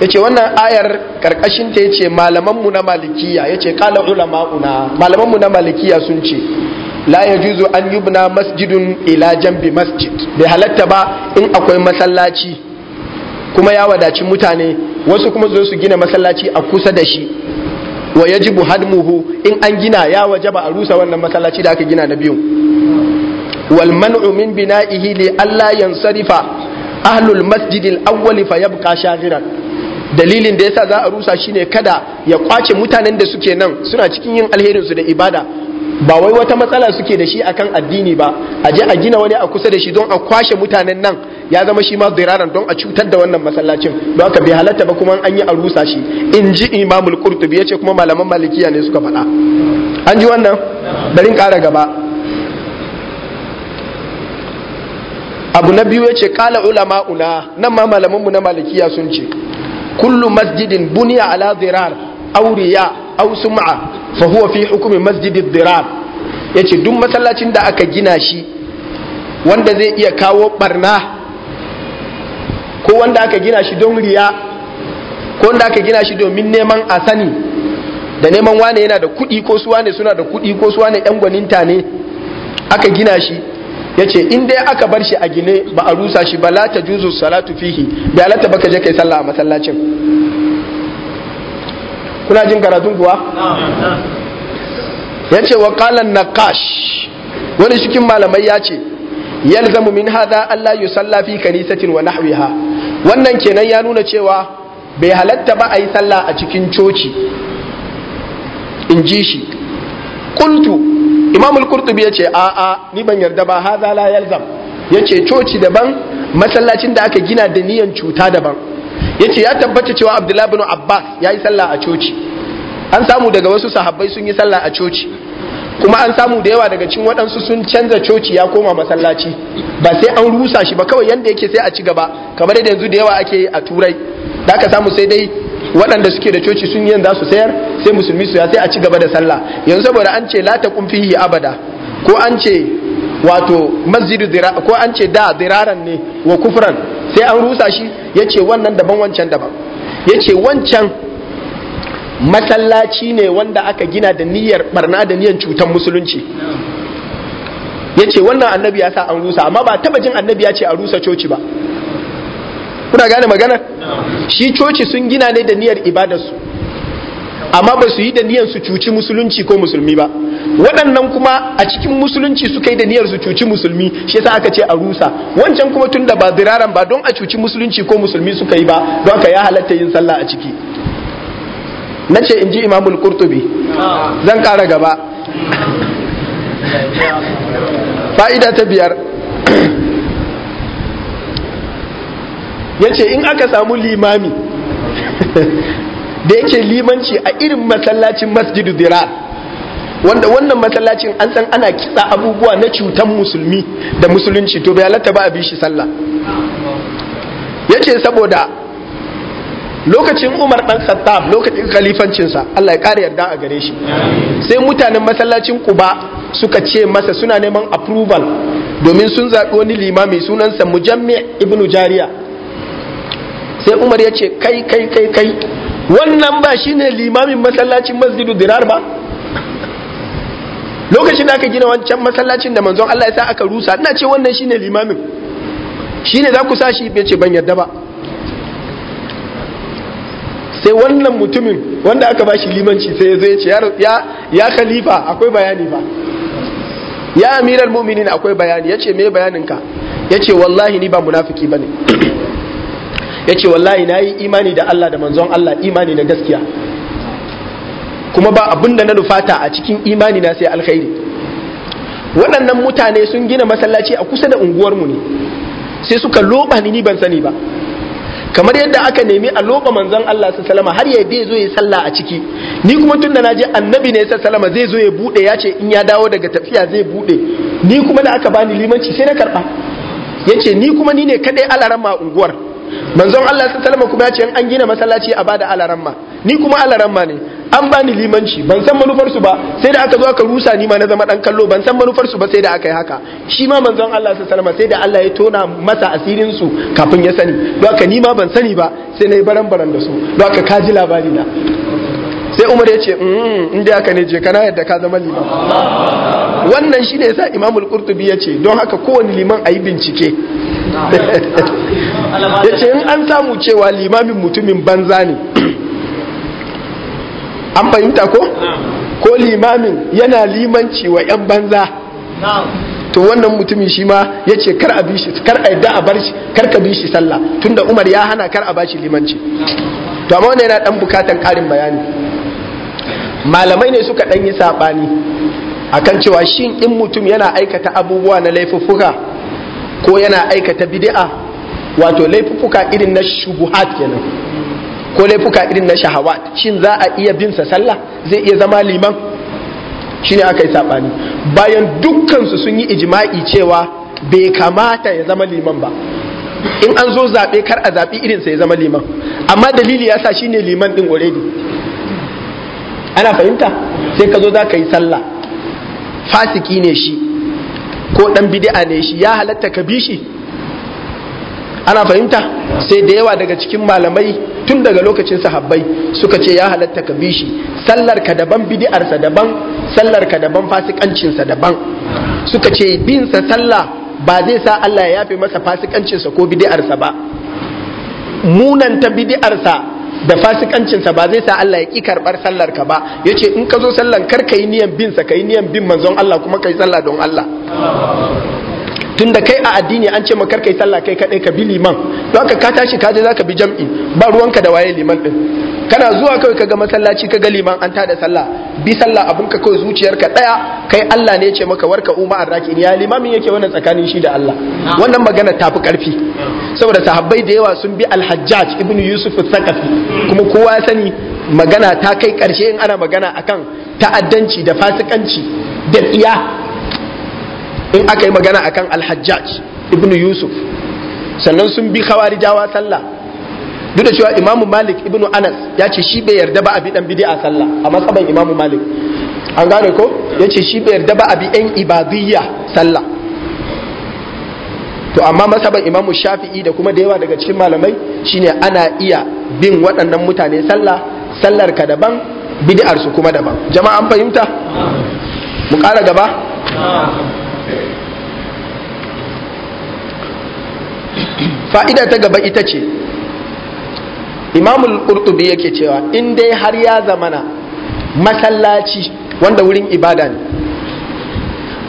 ya ce wannan ayar ta ya ce malamanmu na malikiya ya ce kala ulama'una malamanmu na malikiya sun ce la ya juzu an buna masjidun ila jambi masjid bai halatta ba in akwai masallaci kuma ya wadaci mutane wasu kuma zo su gina masallaci a kusa da shi wa yajibu hadmuhu in an gina ya wajaba a rusa wannan masallaci da aka gina na biyu wal man'u min bina'ihi li alla yansarifa ahlul masjidil awwali fa yabqa shaghiran dalilin da yasa za a rusa shine kada ya kwace mutanen da suke nan suna cikin yin alherin su da ibada ba wai wata matsala suke da shi akan addini ba a je a gina wani a kusa da shi don a kwashe mutanen nan ya zama shi ma diraran don a cutar da wannan masallacin don haka bai halatta ba kuma an yi a rusa shi in ji imamul qurtubi yace kuma malaman malikiya ne suka faɗa an ji wannan bari ƙara gaba abu na biyu yace qala una nan ma malaman mu na malikiya sun ce kullu masjidin buniya ala dirar auriya aw sum'a fa huwa fi hukmi masjid ad-dirar yace duk masallacin da aka gina shi wanda zai iya kawo barna ko wanda aka gina shi don riya ko wanda aka gina shi domin neman a sani da neman wane yana da kuɗi ko su wane suna da kuɗi ko su wane 'yan gwaninta ne aka gina shi ya ce in dai aka bar shi a gine ba a rusa shi ba la ta juzu salatu fihi bai alata baka je kai sallah a masallacin kuna jin karatun kuwa ya ce wa kalan kash wani cikin malamai ya ce yalzamu min hada Allah salla fi kanisatin wa nahwiha wannan kenan ya nuna cewa bai halatta ba a yi sallah a cikin coci in ji shi kultu imamul qurtubi ya ce a a ni ban yarda ba hada la yalzam ya ce coci daban masallacin da aka gina da niyan cuta daban yace ya tabbata cewa abdullahi bin abbas ya yi sallah a coci an samu daga wasu sahabbai sun yi sallah a coci kuma an samu da yawa daga cikin waɗansu sun canza coci ya koma masallaci ba sai an rusa shi ba kawai yanda yake sai a ci gaba kamar yadda yanzu da yawa ake yi a turai da aka samu sai dai waɗanda suke da coci sun yin za su sayar sai musulmi su ya sai a ci gaba da sallah yanzu saboda an ce la ta abada ko an ce wato masjidu ko an ce da ziraran ne wa kufran sai an rusa shi ya ce wannan daban wancan daban ya ce wancan masallaci ne wanda aka gina da niyyar barna da niyyar cutar musulunci ya ce wannan annabi ya sa an rusa amma ba taba jin annabi ya ce a rusa coci ba kuna gane magana shi coci sun gina ne da niyyar ibadarsu amma ba su yi da niyyar su cuci musulunci ko musulmi ba waɗannan kuma a cikin musulunci su kai da niyyar su cuci musulmi shi yasa aka ce a rusa wancan kuma tunda ba ziraran ba don a cuci musulunci ko musulmi suka yi ba don haka ya halatta yin sallah a ciki na ce in ji imamul qurtubi zan ƙara gaba fa'ida ta biyar [clears throat] ya ce in aka samu limami [laughs] da yake limanci a irin masallacin masjidu dirar wanda wannan masallacin an san ana kitsa abubuwa na cutar musulmi da musulunci to bai halatta ba a bi shi sallah yace saboda lokacin Umar dan Khattab lokacin khalifancinsa Allah ya kare yarda a gare shi sai mutanen masallacin Quba suka ce masa suna neman approval domin sun zaɓi wani limami sunansa Mujammi Ibn Jariya sai Umar ya ce kai kai kai kai wannan ba shi ne limamin masallacin masjidu dirar ba lokacin da aka gina wancan masallacin da manzon Allah ya sa aka rusa ina ce wannan shi ne limamin Shi ne za ku sa shi ya ce ban yarda ba sai wannan mutumin wanda aka ba shi limanci sai ya zo ya ce ya khalifa akwai bayani ba ya amiral mu'minin akwai bayani ya ce me bayaninka ya ce wallahi ni ba munafiki ba ne ya ce wallahi na yi imani da Allah da manzon Allah imani na gaskiya kuma ba abin da na nufata a cikin imani na sai alkhairi waɗannan mutane sun gina masallaci a kusa da unguwarmu ne sai suka loba ni ni ban sani ba kamar yadda aka nemi a loba manzon Allah su salama har ya bai zo ya salla a ciki ni kuma tun da na je annabi ne ya salama zai zo ya bude ya ce in ya dawo daga tafiya zai bude ni kuma da aka bani limanci sai na karba yace ni kuma ni ne kadai alaran a unguwar manzon Allah ta talama kuma ya ce an gina masallaci a bada alaramma ni kuma alaramma ne an bani limanci ban san manufar su ba sai da aka zo aka rusa ni ma na zama dan kallo ban san manufar su ba sai da aka yi haka shi ma manzon Allah ta talama sai da Allah ya tona masa asirin su kafin ya sani don haka ni ma ban sani ba sai na yi baran baran da su don haka ka ji labari na sai umar ya ce mm, in da haka ne je kana yadda ka zama liman wannan shi ne yasa imamul qurtubi ya ce don haka kowane liman a yi bincike ya ce in an samu cewa limamin mutumin banza ne an fahimta ko ko limamin yana limanci wa 'yan banza to wannan mutumin shi ma ya ce kar a bishi kar a yadda a bar shi kar ka bishi sallah tunda umar ya hana kar a bashi limanci to amma wannan yana dan bukatan karin bayani malamai ne suka dan yi sabani akan cewa shin in mutum yana aikata abubuwa na laifuffuka ko yana aikata bid'a wato laifuka irin na shubuhat kenan ko laifuka irin na shahawat shin za a iya bin sa sallah zai iya zama liman shine aka yi sabani bayan dukkan su sun yi ijma'i cewa bai kamata ya zama liman ba in an zo zaɓe kar a zaɓi sa ya zama liman amma dalili ya sa shine liman ɗin already ana fahimta sai ka zo za ka yi sallah fasiki ne shi ko dan bid'a ne shi ya halatta ka bishi? ana fahimta sai da yawa daga cikin malamai tun daga lokacin sahabbai suka ce ya halatta ka bishi. sallar ka daban sa daban sallar ka daban fasikancinsa daban suka ce bin sa sallah ba zai sa Allah ya yafe masa fasikancinsa ko sa ba Munan munanta sa da fasikancinsa ba zai sa Allah ya ki karɓar sallar ka ba ce in ka zo sallan kar ka yi niyan bin sa ka yi niyan bin manzon Allah kuma ka yi sallah don Allah tun da kai a addini an ce maka kai sallah kai kadai ka bi liman don haka ka tashi ka je zaka bi jam'i ba ruwanka da waye liman ɗin. kana zuwa kawai kaga masallaci ka ga liman an tada sallah bi sallah abun ka kawai zuciyarka ɗaya. kai Allah ne ya ce maka warka umma arraki ya limamin yake wannan tsakanin shi da Allah wannan magana tafi karfi saboda sahabbai da yawa sun bi Alhajjaj hajjaj ibn Yusuf al kuma kowa ya sani magana ta kai karshe in ana magana akan ta'addanci da fasikanci da tsiya in aka yi magana akan alhajjaj Ibn yusuf sannan sun bi jawa sallah duk da cewa imamu malik ibnu anas ya ce shi bai yarda ba a bi dan bid'a sallah a matsaban imamu malik an gane ko ya ce shi bai yarda ba a bi ɗan ibadiyya sallah to amma masaban imamu shafi'i da kuma da yawa daga cikin malamai shine ana iya bin waɗannan mutane sallah sallar ka daban bid'ar kuma daban jama'a fahimta mu ƙara gaba fa'ida ta gaba ita ce imamul qurtubi yake cewa in dai har ya zamana masallaci wanda wurin ibada ne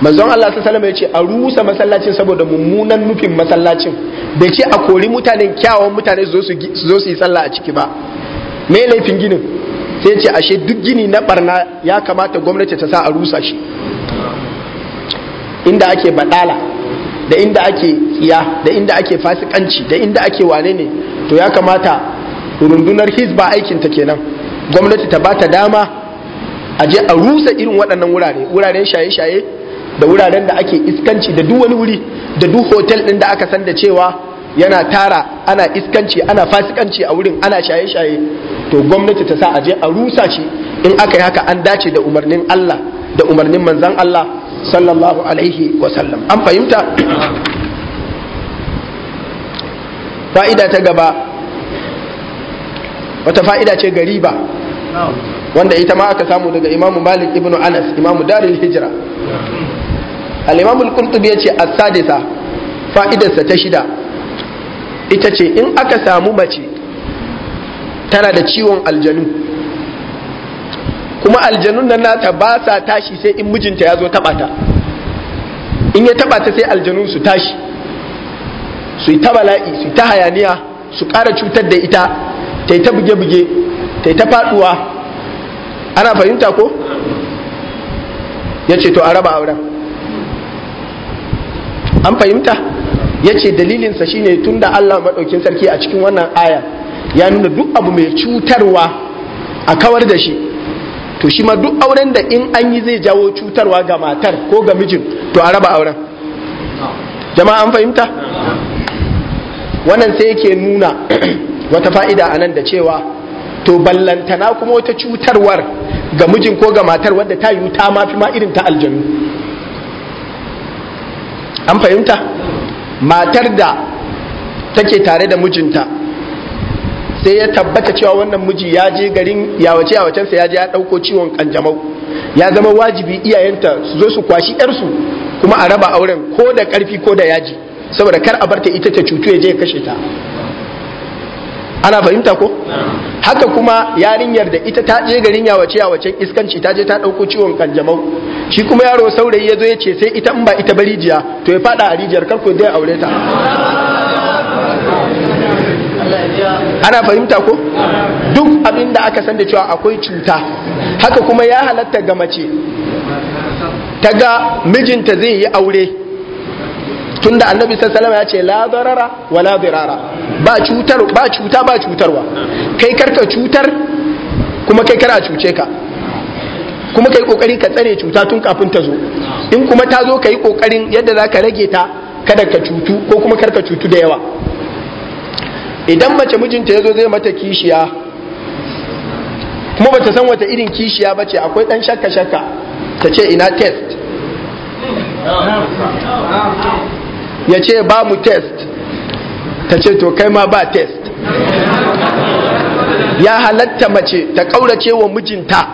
manzon Allah ta salama ya ce a rusa masallacin saboda mummunan nufin masallacin bai ce a kori mutane kyawawan mutane su zo su yi sallah a ciki ba Mai laifin ginin sai ce ashe duk gini na barna ya kamata gwamnati ta sa a rusa shi inda ake baɗala. da inda ake tsiya da inda ake fasikanci da inda ake wane ne to ya kamata rundunar hizba aikinta kenan gwamnati ta bata dama a je a rusa irin waɗannan wurare wuraren shaye-shaye da wuraren da ake iskanci da duk wani wuri da duk hotel ɗin da aka san da cewa yana tara ana iskanci ana fasikanci a wurin ana shaye-shaye to gwamnati ta sa a je a rusa shi in aka yi haka an dace da umarnin Allah da umarnin manzan Allah sallallahu alaihi wasallam an fahimta fa'ida ta gaba wata fa'ida ce gariba wanda ita ma aka samu daga imamu malik ibn anas imamu daril hijira al-imamu al-qurtubi ya ce as-sadisa fa'idarsa ta shida ita ce in aka samu mace tana da ciwon aljanu kuma aljanun nan nata ba sa tashi sai in mijinta ya zo taba ta in ya taba ta sai aljanun su tashi su yi ta bala'i su yi ta hayaniya su ƙara cutar da ita ta yi ta buge-buge ta yi ta faduwa ana fahimta ko ya ce to a raba auren an fahimta ya ce dalilinsa shine tun da allah maɗaukin sarki a cikin wannan aya ya nuna duk abu mai cutarwa a kawar da shi to shi ma duk auren da in an yi zai jawo cutarwa ga matar ko ga mijin to a raba auren jama'a an fahimta wannan sai yake nuna [clears throat] wata fa'ida a nan da cewa to ballantana kuma wata cutarwar ga mijin ko ga matar wadda ta yi ta mafi ma irin ta aljanu an fahimta matar da take tare da mijinta sai ya tabbata cewa wannan miji ya je garin a wacensa ya je ya dauko ciwon kanjamau ya zama wajibi iyayenta su zo su kwashi yarsu kuma a raba auren ko da ƙarfi ko da yaji saboda kar a barta ita ta cutu ya je ya kashe ta ana fahimta ko haka kuma yarinyar da ita ta je garin ya wace yawace wacen iskanci ta je ta ɗauko ciwon kanjamau shi kuma yaro saurayi ya zo ya ce sai ita in ba ita ba rijiya to ya faɗa a rijiyar kar ku dai aure ta ana fahimta ko duk abinda aka san da cewa akwai cuta haka kuma ya halatta ga mace ta ga mijinta zai yi aure tunda annabi sallallahu ya ce la wa ba cutar ba cuta ba cutarwa kai karka cutar kuma kai kar cuce ka kuma kai kokari ka tsare cuta tun kafin ta zo in kuma ta zo kai kokarin yadda zaka rage ta kada ka cutu ko kuma karka cutu da yawa idan mace mijinta ya zo zai mata kishiya kuma bata san wata irin kishiya ba ce akwai ɗan shakka-shakka ta ce ina test ya ce ba mu test ta ce to kai ma ba test ya halatta mace ta ƙaurace wa mijinta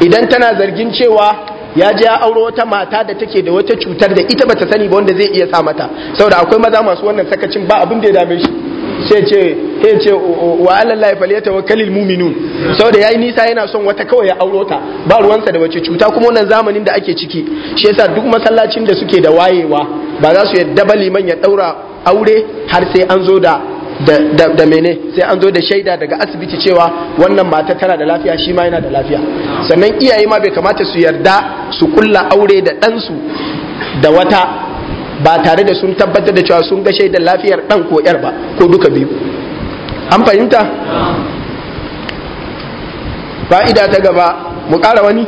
idan tana zargin cewa ya je ya auro wata mata da take da wata cutar da ita bata sani ba wanda zai iya sa mata saboda akwai maza masu wannan sakacin ba abin da ya dame shi sai ce sai ce wa alallahi falyatawakkalul mu'minun saboda yayi nisa yana son wata kawai ya auro ta ba ruwansa da wace cuta kuma wannan zamanin da ake ciki shi yasa duk masallacin da suke da wayewa ba za su yadda ba liman ya daura aure har sai an zo da da mene sai an zo da shaida daga asibiti cewa wannan mata tana da lafiya shi ma yana da lafiya sannan iyaye ma bai kamata su yarda su kulla aure da ɗansu da wata ba tare da sun tabbatar da cewa sun ga shaida lafiyar ɗan ko ‘yar ba ko duka biyu an fahimta fa'ida ta gaba mu ƙara wani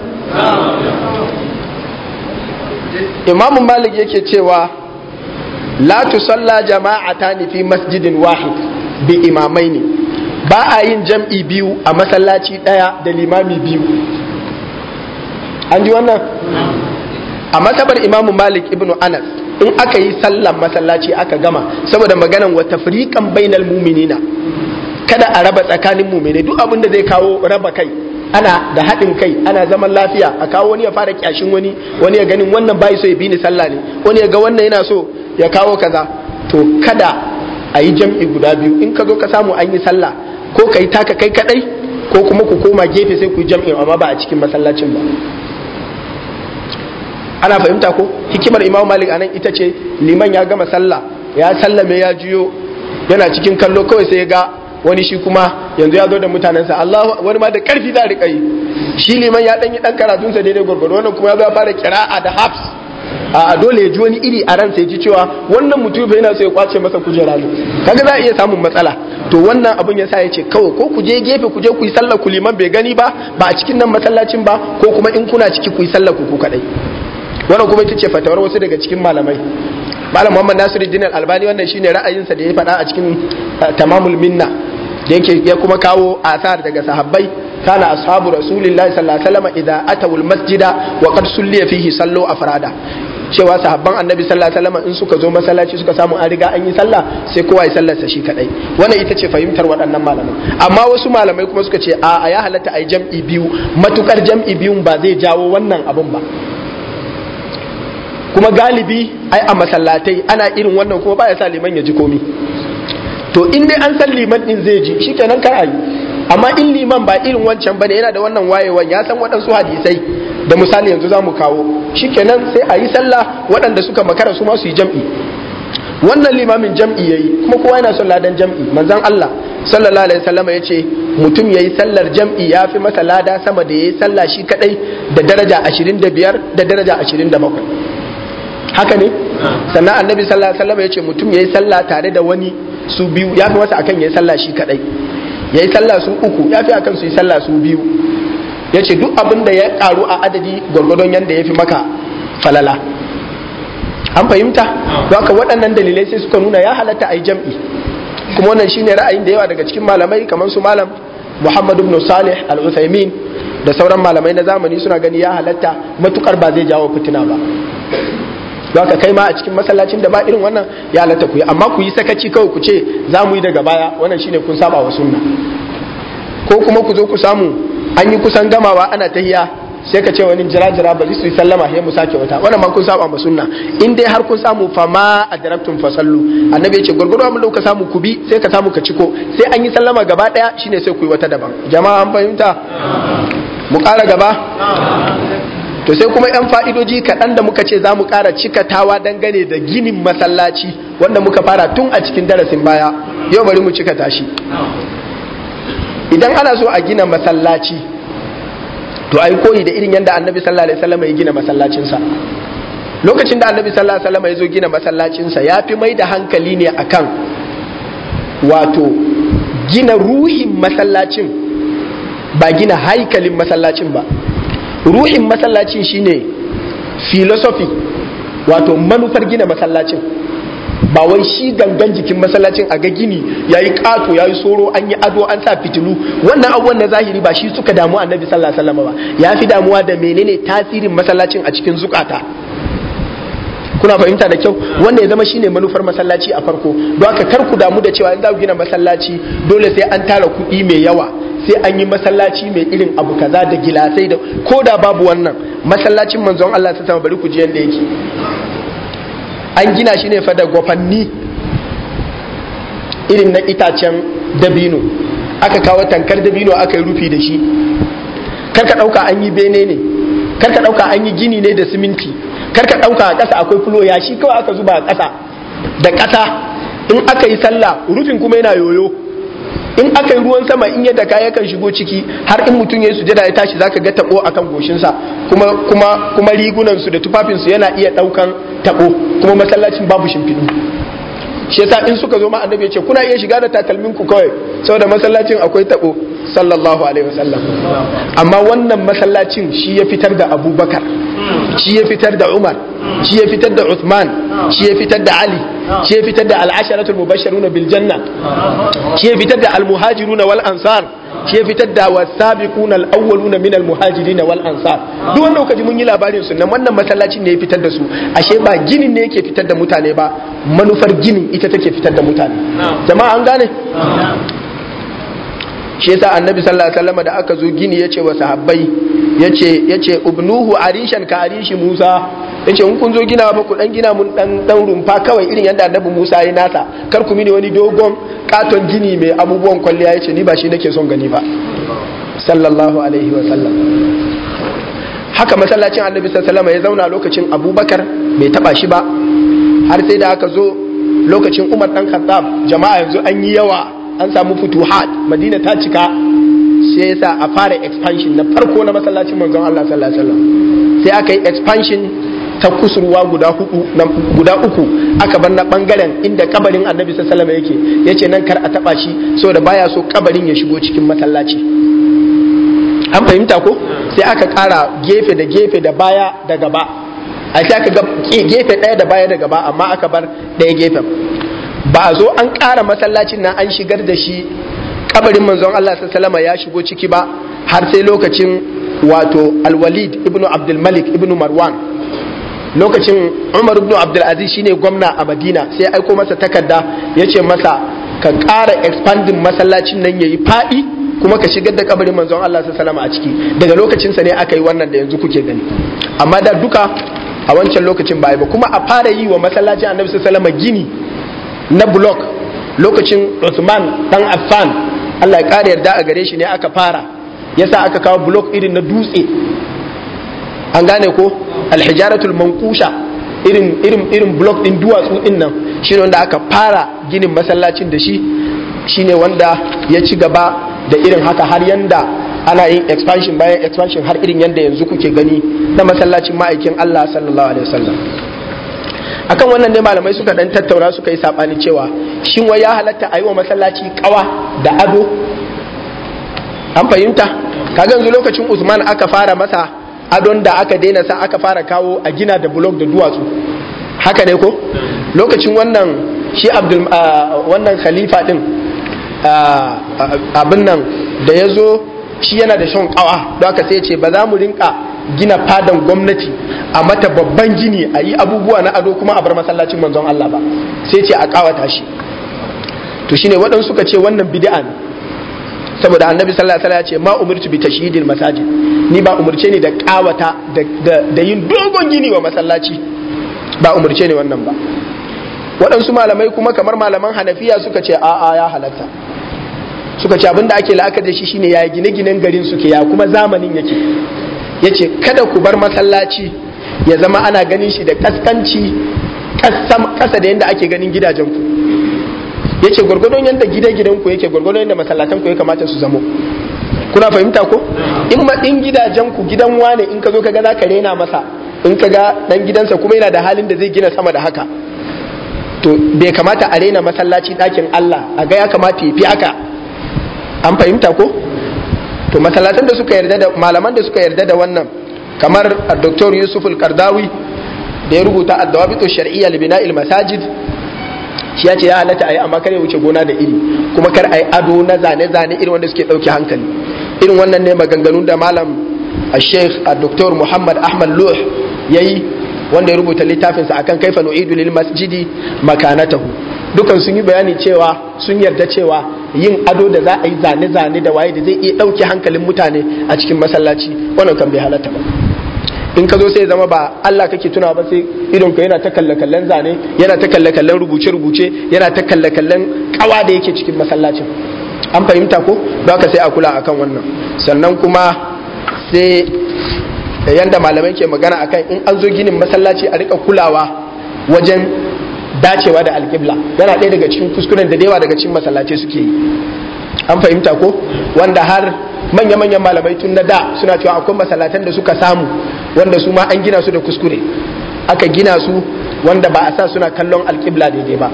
imamu malik yake cewa la tusalla jama'ata ni fi masjidin wahid bi imamai ne ba a yin jam'i biyu a masallaci ɗaya da limami biyu an ji wannan a masabar imamu malik ibn anas in aka yi sallan masallaci aka gama saboda maganan wa Tafrikan bainal mu'minina kada a raba tsakanin mu'mini duk abin da zai kawo raba kai ana da haɗin kai ana zaman lafiya a kawo wani ya fara kyashin wani wani ya ganin wannan bai so ya bi ni sallah ne wani ya ga wannan yana so ya kawo kaza to kada a yi jam'i guda biyu in ka zo ka samu an yi sallah ko ka yi taka kai kadai ko kuma ku koma gefe sai ku yi jam'i amma ba a cikin masallacin ba ana fahimta ko hikimar imam malik anan ita ce liman ya gama sallah ya sallame ya juyo yana cikin kallo kawai sai ya ga wani shi kuma yanzu ya zo da mutanensa Allah wani ma da karfi za a yi shi liman ya ɗanyi yi dan karatun sa daidai gurgurdo wannan kuma ya zo ya fara kira'a da hafs a dole ya ji wani iri a ransa ya ji cewa wannan mutum yana so ya kwace masa kujera ne kaga za a iya samun matsala to wannan abun ya sa ya ce kawai ko ku je gefe ku je ku yi sallar ku liman bai gani ba ba a cikin nan masallacin ba ko kuma in kuna ciki ku yi sallar ku ku kadai wannan kuma ita ce fatawar wasu daga cikin malamai malam muhammad Nasiru nasiruddin albani wannan shine ra'ayinsa da ya faɗa a cikin eh, tamamul minna da yake ya kuma kawo asar daga sahabbai kana ashabu rasulillahi sallallahu alaihi wasallam idza atawul masjida wa qad sulliya fihi sallu afrada cewa sahabban annabi sallallahu alaihi wasallam in suka zo masallaci suka samu an riga an yi sallah sai kowa ya sallarsa shi kadai wannan ita ce fahimtar waɗannan malamai amma wasu malamai kuma suka ce a ya halatta ai jam'i biyu matukar jam'i biyun ba zai jawo wannan abun ba kuma galibi ai a masallatai ana irin wannan kuma ya sa liman ya ji komi to in dai an san liman din zai ji shikenan kar ayi amma in liman ba irin wancan bane yana da wannan wayewan ya san waɗansu hadisai da misali yanzu za mu kawo shikenan sai a yi sallah waɗanda suka makara su ma su yi jam'i wannan limamin jam'i yayi kuma kowa yana son ladan jam'i manzon Allah sallallahu alaihi wasallam ya ce mutum yayi sallar jam'i ya fi masa lada sama da yayi sallah shi kadai da daraja 25 da daraja 27 haka ne sannan annabi sallallahu alaihi wasallam ya ce mutum yayi sallah tare da wani su biyu ya fi masa akan yayi sallah shi kadai yayi sallah su uku ya fi akan su yi sallah su biyu ya ce duk abin da ya karu a adadi gwargwadon yanda ya fi maka falala an fahimta don haka waɗannan dalilai sai suka nuna ya halatta a yi jam'i kuma wannan shine ra'ayin da yawa daga cikin malamai kamar su malam muhammadu ibn salih al uthaymeen da sauran malamai na zamani suna gani ya halatta matukar ba zai jawo fitina ba don haka kai ma a cikin masallacin da ba irin wannan ya lata ku yi amma ku yi sakaci kawai ku ce za mu yi daga baya wannan shine kun saba wa sunna ko kuma ku zo ku samu an yi kusan gamawa ana tahiya sai ka ce wani jira jira ba su yi sallama sai mu sake wata wannan ma kun saba ma sunna in dai har kun samu fama adraktum fasallu annabi yace gurgurwa mun ka samu ku bi sai ka samu ka ciko sai an yi sallama gaba daya shine sai ku yi wata daban jama'a an fahimta mu kara gaba to sai kuma yan fa'idoji kaɗan da muka ce za mu ƙara cikatawa dangane da ginin masallaci wanda muka fara tun a cikin darasin baya yau bari mu cika tashi. idan ana so a gina masallaci to a yi koyi da irin yadda annabi sallallahu alaihi wasallam gina masallacinsa lokacin da annabi sallallahu alaihi wasallam zo gina masallacinsa ya fi mai da hankali ne akan wato gina ruhin masallacin ba gina haikalin masallacin ba ruhin masallacin shine philosophy wato manufar gina masallacin ba wai shi gangan jikin masallacin a ga gini ya yi ƙato ya yi soro an yi ado an sa fitilu wannan abubuwan na zahiri ba shi suka damu annabi sallallahu alaihi ba ya fi damuwa da menene tasirin masallacin a cikin zukata kuna fahimta da kyau wanda ya zama shine manufar masallaci a farko don haka kar ku damu da cewa in za ku gina masallaci dole sai an tara kuɗi mai yawa sai an yi masallaci mai irin abu kaza da gilasai da ko da babu wannan masallacin manzon Allah ta sama bari ku ji yadda yake an gina shi ne fa da gwafanni irin na itacen dabino aka kawo tankar dabino aka yi rufi da shi kar ka ɗauka an yi bene ne kar ka ɗauka an yi gini ne da siminti karka ɗauka a ƙasa akwai fulo ya shi kawai aka zuba a ƙasa da ƙasa in aka yi sallah rufin kuma yana yoyo in aka yi ruwan sama in yadda kaya yakan shigo ciki har in mutum ya yi sujada ya tashi zaka ga tabo akan goshinsa kuma rigunansu da tufafinsu yana iya daukan tabo kuma masallacin babu shimfidu shi yasa in suka zo ma annabi ya ce kuna iya shiga da takalmin ku kawai saboda masallacin akwai tabo sallallahu alaihi wasallam amma wannan masallacin shi ya fitar da abubakar shi ya fitar da Umar shi ya fitar da Uthman shi ya fitar da Ali shi ya fitar da al-asharatul mubashshiruna bil janna shi ya fitar da al-muhajiruna wal ansar shi ya fitar da wasabiquna al-awwaluna min al na wal ansar duk wanda kuka ji mun yi labarin su nan wannan masallacin ne ya fitar da su ashe ba ginin ne yake fitar da mutane ba manufar ginin ita take fitar da mutane jama'a an gane shi yasa annabi sallallahu alaihi wasallam da aka zo gini yace wa sahabbai yace yace ubnuhu arishan ka arishi Musa yace in kun zo gina ba ku dan gina mun dan dan rumfa kawai irin yanda annabi Musa ya nasa kar ku mini wani dogon katon gini mai abubuwan kwalliya yace ni ba shi nake son gani ba sallallahu alaihi wasallam haka masallacin annabi sallallahu alaihi wasallam ya zauna lokacin Abubakar bai taba shi ba har sai da aka zo lokacin Umar dan Khattab jama'a yanzu an yi yawa an samu futuhat madina ta cika sai yasa a fara expansion na farko na masallacin manzon Allah sallallahu alaihi wasallam sai aka yi expansion ta kusurwa guda hudu guda uku aka bar na bangaren inda kabarin Annabi sallallahu alaihi wasallam yake yace nan kar a taba shi saboda baya so kabarin ya shigo cikin masallaci an fahimta ko sai aka kara gefe da gefe da baya da gaba a sai aka gefe daya da baya da gaba amma aka bar daya gefen ba a zo an ƙara masallacin nan an shigar da shi kabarin manzon Allah sallama ya shigo ciki ba har sai lokacin wato alwalid ibnu abdulmalik ibnu marwan lokacin umar ibnu abdulaziz shine gwamna a madina sai aiko masa takarda ya ce masa ka ƙara expanding masallacin nan yayi yi faɗi kuma ka shigar da kabarin manzon Allah sallama a ciki daga lokacinsa ne aka yi wannan da yanzu kuke gani amma da duka a wancan lokacin ba ba kuma a fara yi wa masallacin annabi sallama gini na block lokacin Uthman dan Affan Allah ya kare yarda a gare shi ne aka fara yasa aka kawo block irin na dutse an gane ko alhijaratul manqusha irin irin irin block din duwatsu din nan shine wanda aka fara ginin masallacin da shi shine wanda ya ci gaba da irin haka har yanda ana yin expansion bayan expansion har irin yanda yanzu kuke gani na masallacin ma'aikin Allah sallallahu alaihi wasallam akan wannan ne malamai suka dan tattauna suka yi sabani cewa shin wai ya halatta a yi wa masallaci kawa da ado an fahimta kaga yanzu lokacin usman aka fara masa adon da aka daina sa aka fara kawo a gina da blog da duwatsu haka ne ko lokacin wannan shi abdul ah, wannan khalifa din ah, ah, abin nan da yazo zo shi yana da shan kawa don aka sai ce ba za mu rinka gina fadan gwamnati a mata babban gini a yi abubuwa na ado kuma a bar masallacin manzon Allah ba sai ce a kawata shi to shine waɗansu suka ce wannan bid'a ne saboda annabi sallallahu alaihi wasallam ya ce ma umirtu bi tashyidil masajid ni ba umurce ni da kawata da yin dogon gini wa masallaci ba umurce ni wannan ba waɗansu malamai kuma kamar malaman hanafiya suka ce a'a ya halatta suka ce abinda ake la'akar da shi shine ya gine-ginen garin suke ya kuma zamanin yake yace kada ku bar masallaci ya zama ana ganin shi da kaskanci kasa da yadda ake ganin gidajen ku yace gwargwadon yadda gida gidanku yake gwargwadon yadda masallatanku ya kamata su zamo kuna fahimta ko in ma din gidajen gidan wane in ka zo ka ga ka rena masa in ka ga dan gidansa kuma yana da halin da zai gina sama da haka to bai kamata a rena masallaci ɗakin Allah a ga ya kamata ya fi haka an fahimta ko to masallatan da suka yarda da malaman da suka yarda da wannan kamar Dr. Yusuf Al-Qardawi da ya rubuta ad shar'iyya li bina'il masajid shi ya ya halatta ayi amma kar wuce gona da iri kuma kar ayi ado na zane zane irin wanda suke dauke hankali irin wannan ne maganganun da malam al-sheikh dr muhammad ahmad luh yayi wanda ya rubuta littafinsa akan kaifa nu'idu lil masjidi makanatahu dukan sun yi bayani cewa sun yarda cewa yin ado da za a yi zane-zane da waye da zai iya ɗauke hankalin mutane a cikin masallaci wannan kan bai halatta ba in ka zo sai zama ba Allah kake tuna ba sai idon ka yana ta kalle zane yana ta kalle rubuce-rubuce yana ta kalle kawa da yake cikin masallacin an fahimta ko ba ka sai a kula akan wannan sannan kuma sai yanda malamai ke magana akan in an zo ginin masallaci a rika kulawa wajen dacewa da alƙibla yana ɗaya daga cikin kuskuren da dewa daga cikin masallatai suke yi an fahimta ko wanda har manya-manyan malamai tun na da suna cewa akwai masallatan da suka samu wanda su ma an gina su da kuskure aka gina su wanda ba a sa suna kallon alƙibla daidai ba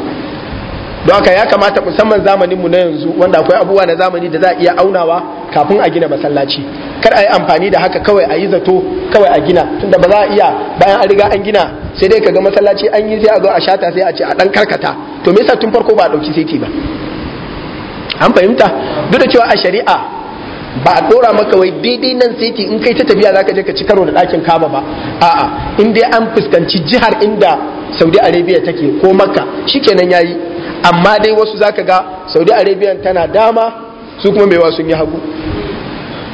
don haka ya kamata musamman zamaninmu na yanzu wanda akwai abubuwa na zamani da za a iya aunawa kafin a gina masallaci kar a yi amfani da haka kawai a yi zato kawai a gina tunda ba za a iya bayan an riga an gina sai dai kaga masallaci an yi sai a zo a shata sai a ce a dan karkata to me yasa tun farko ba a dauki saiti ba an fahimta duk da cewa a shari'a ba a dora maka wai daidai nan saiti in kai ta tafiya zaka je ka ci karo da dakin kaba ba a'a in dai an fuskanci jihar inda saudi arabia take ko makka shikenan yayi amma dai wasu zaka ga saudi arabia tana dama su kuma wasu sun yi hagu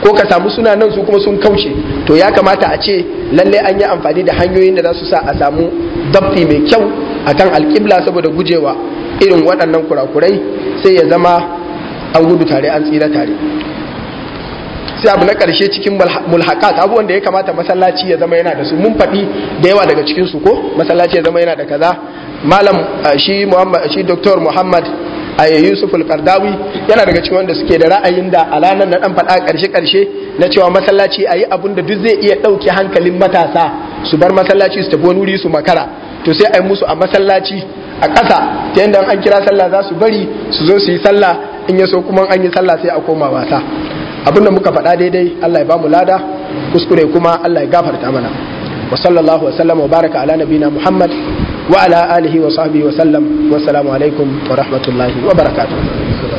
ko ka samu suna nan su kuma sun kauce to ya kamata a ce lalle an yi amfani da hanyoyin da za su sa a samu dabti mai kyau a kan alƙibla saboda gujewa irin waɗannan kurakurai sai ya zama an gudu tare an tsira tare sai abu na ƙarshe cikin mulhaƙat abubuwan da ya kamata masallaci ya zama yana da su mun faɗi da yawa daga cikin su ko masallaci ya zama yana da kaza malam shi eh, Dr. shi muhammad a yusuf al-qardawi yana daga cikin wanda suke da ra'ayin da a ranar na dan faɗa karshe karshe na cewa masallaci ayi abun da duk zai iya ɗauke hankalin matasa su bar masallaci su tafi wani wuri su makara to sai ayi musu a masallaci a ƙasa ta yadda an kira sallah za su bari su zo su yi sallah in ya so kuma an yi sallah sai a koma wasa abin da muka faɗa daidai Allah ya bamu lada kuskure kuma Allah ya gafarta mana wa sallallahu wa sallama wa baraka ala nabina Muhammad وعلى آله وصحبه وسلم والسلام عليكم ورحمة الله وبركاته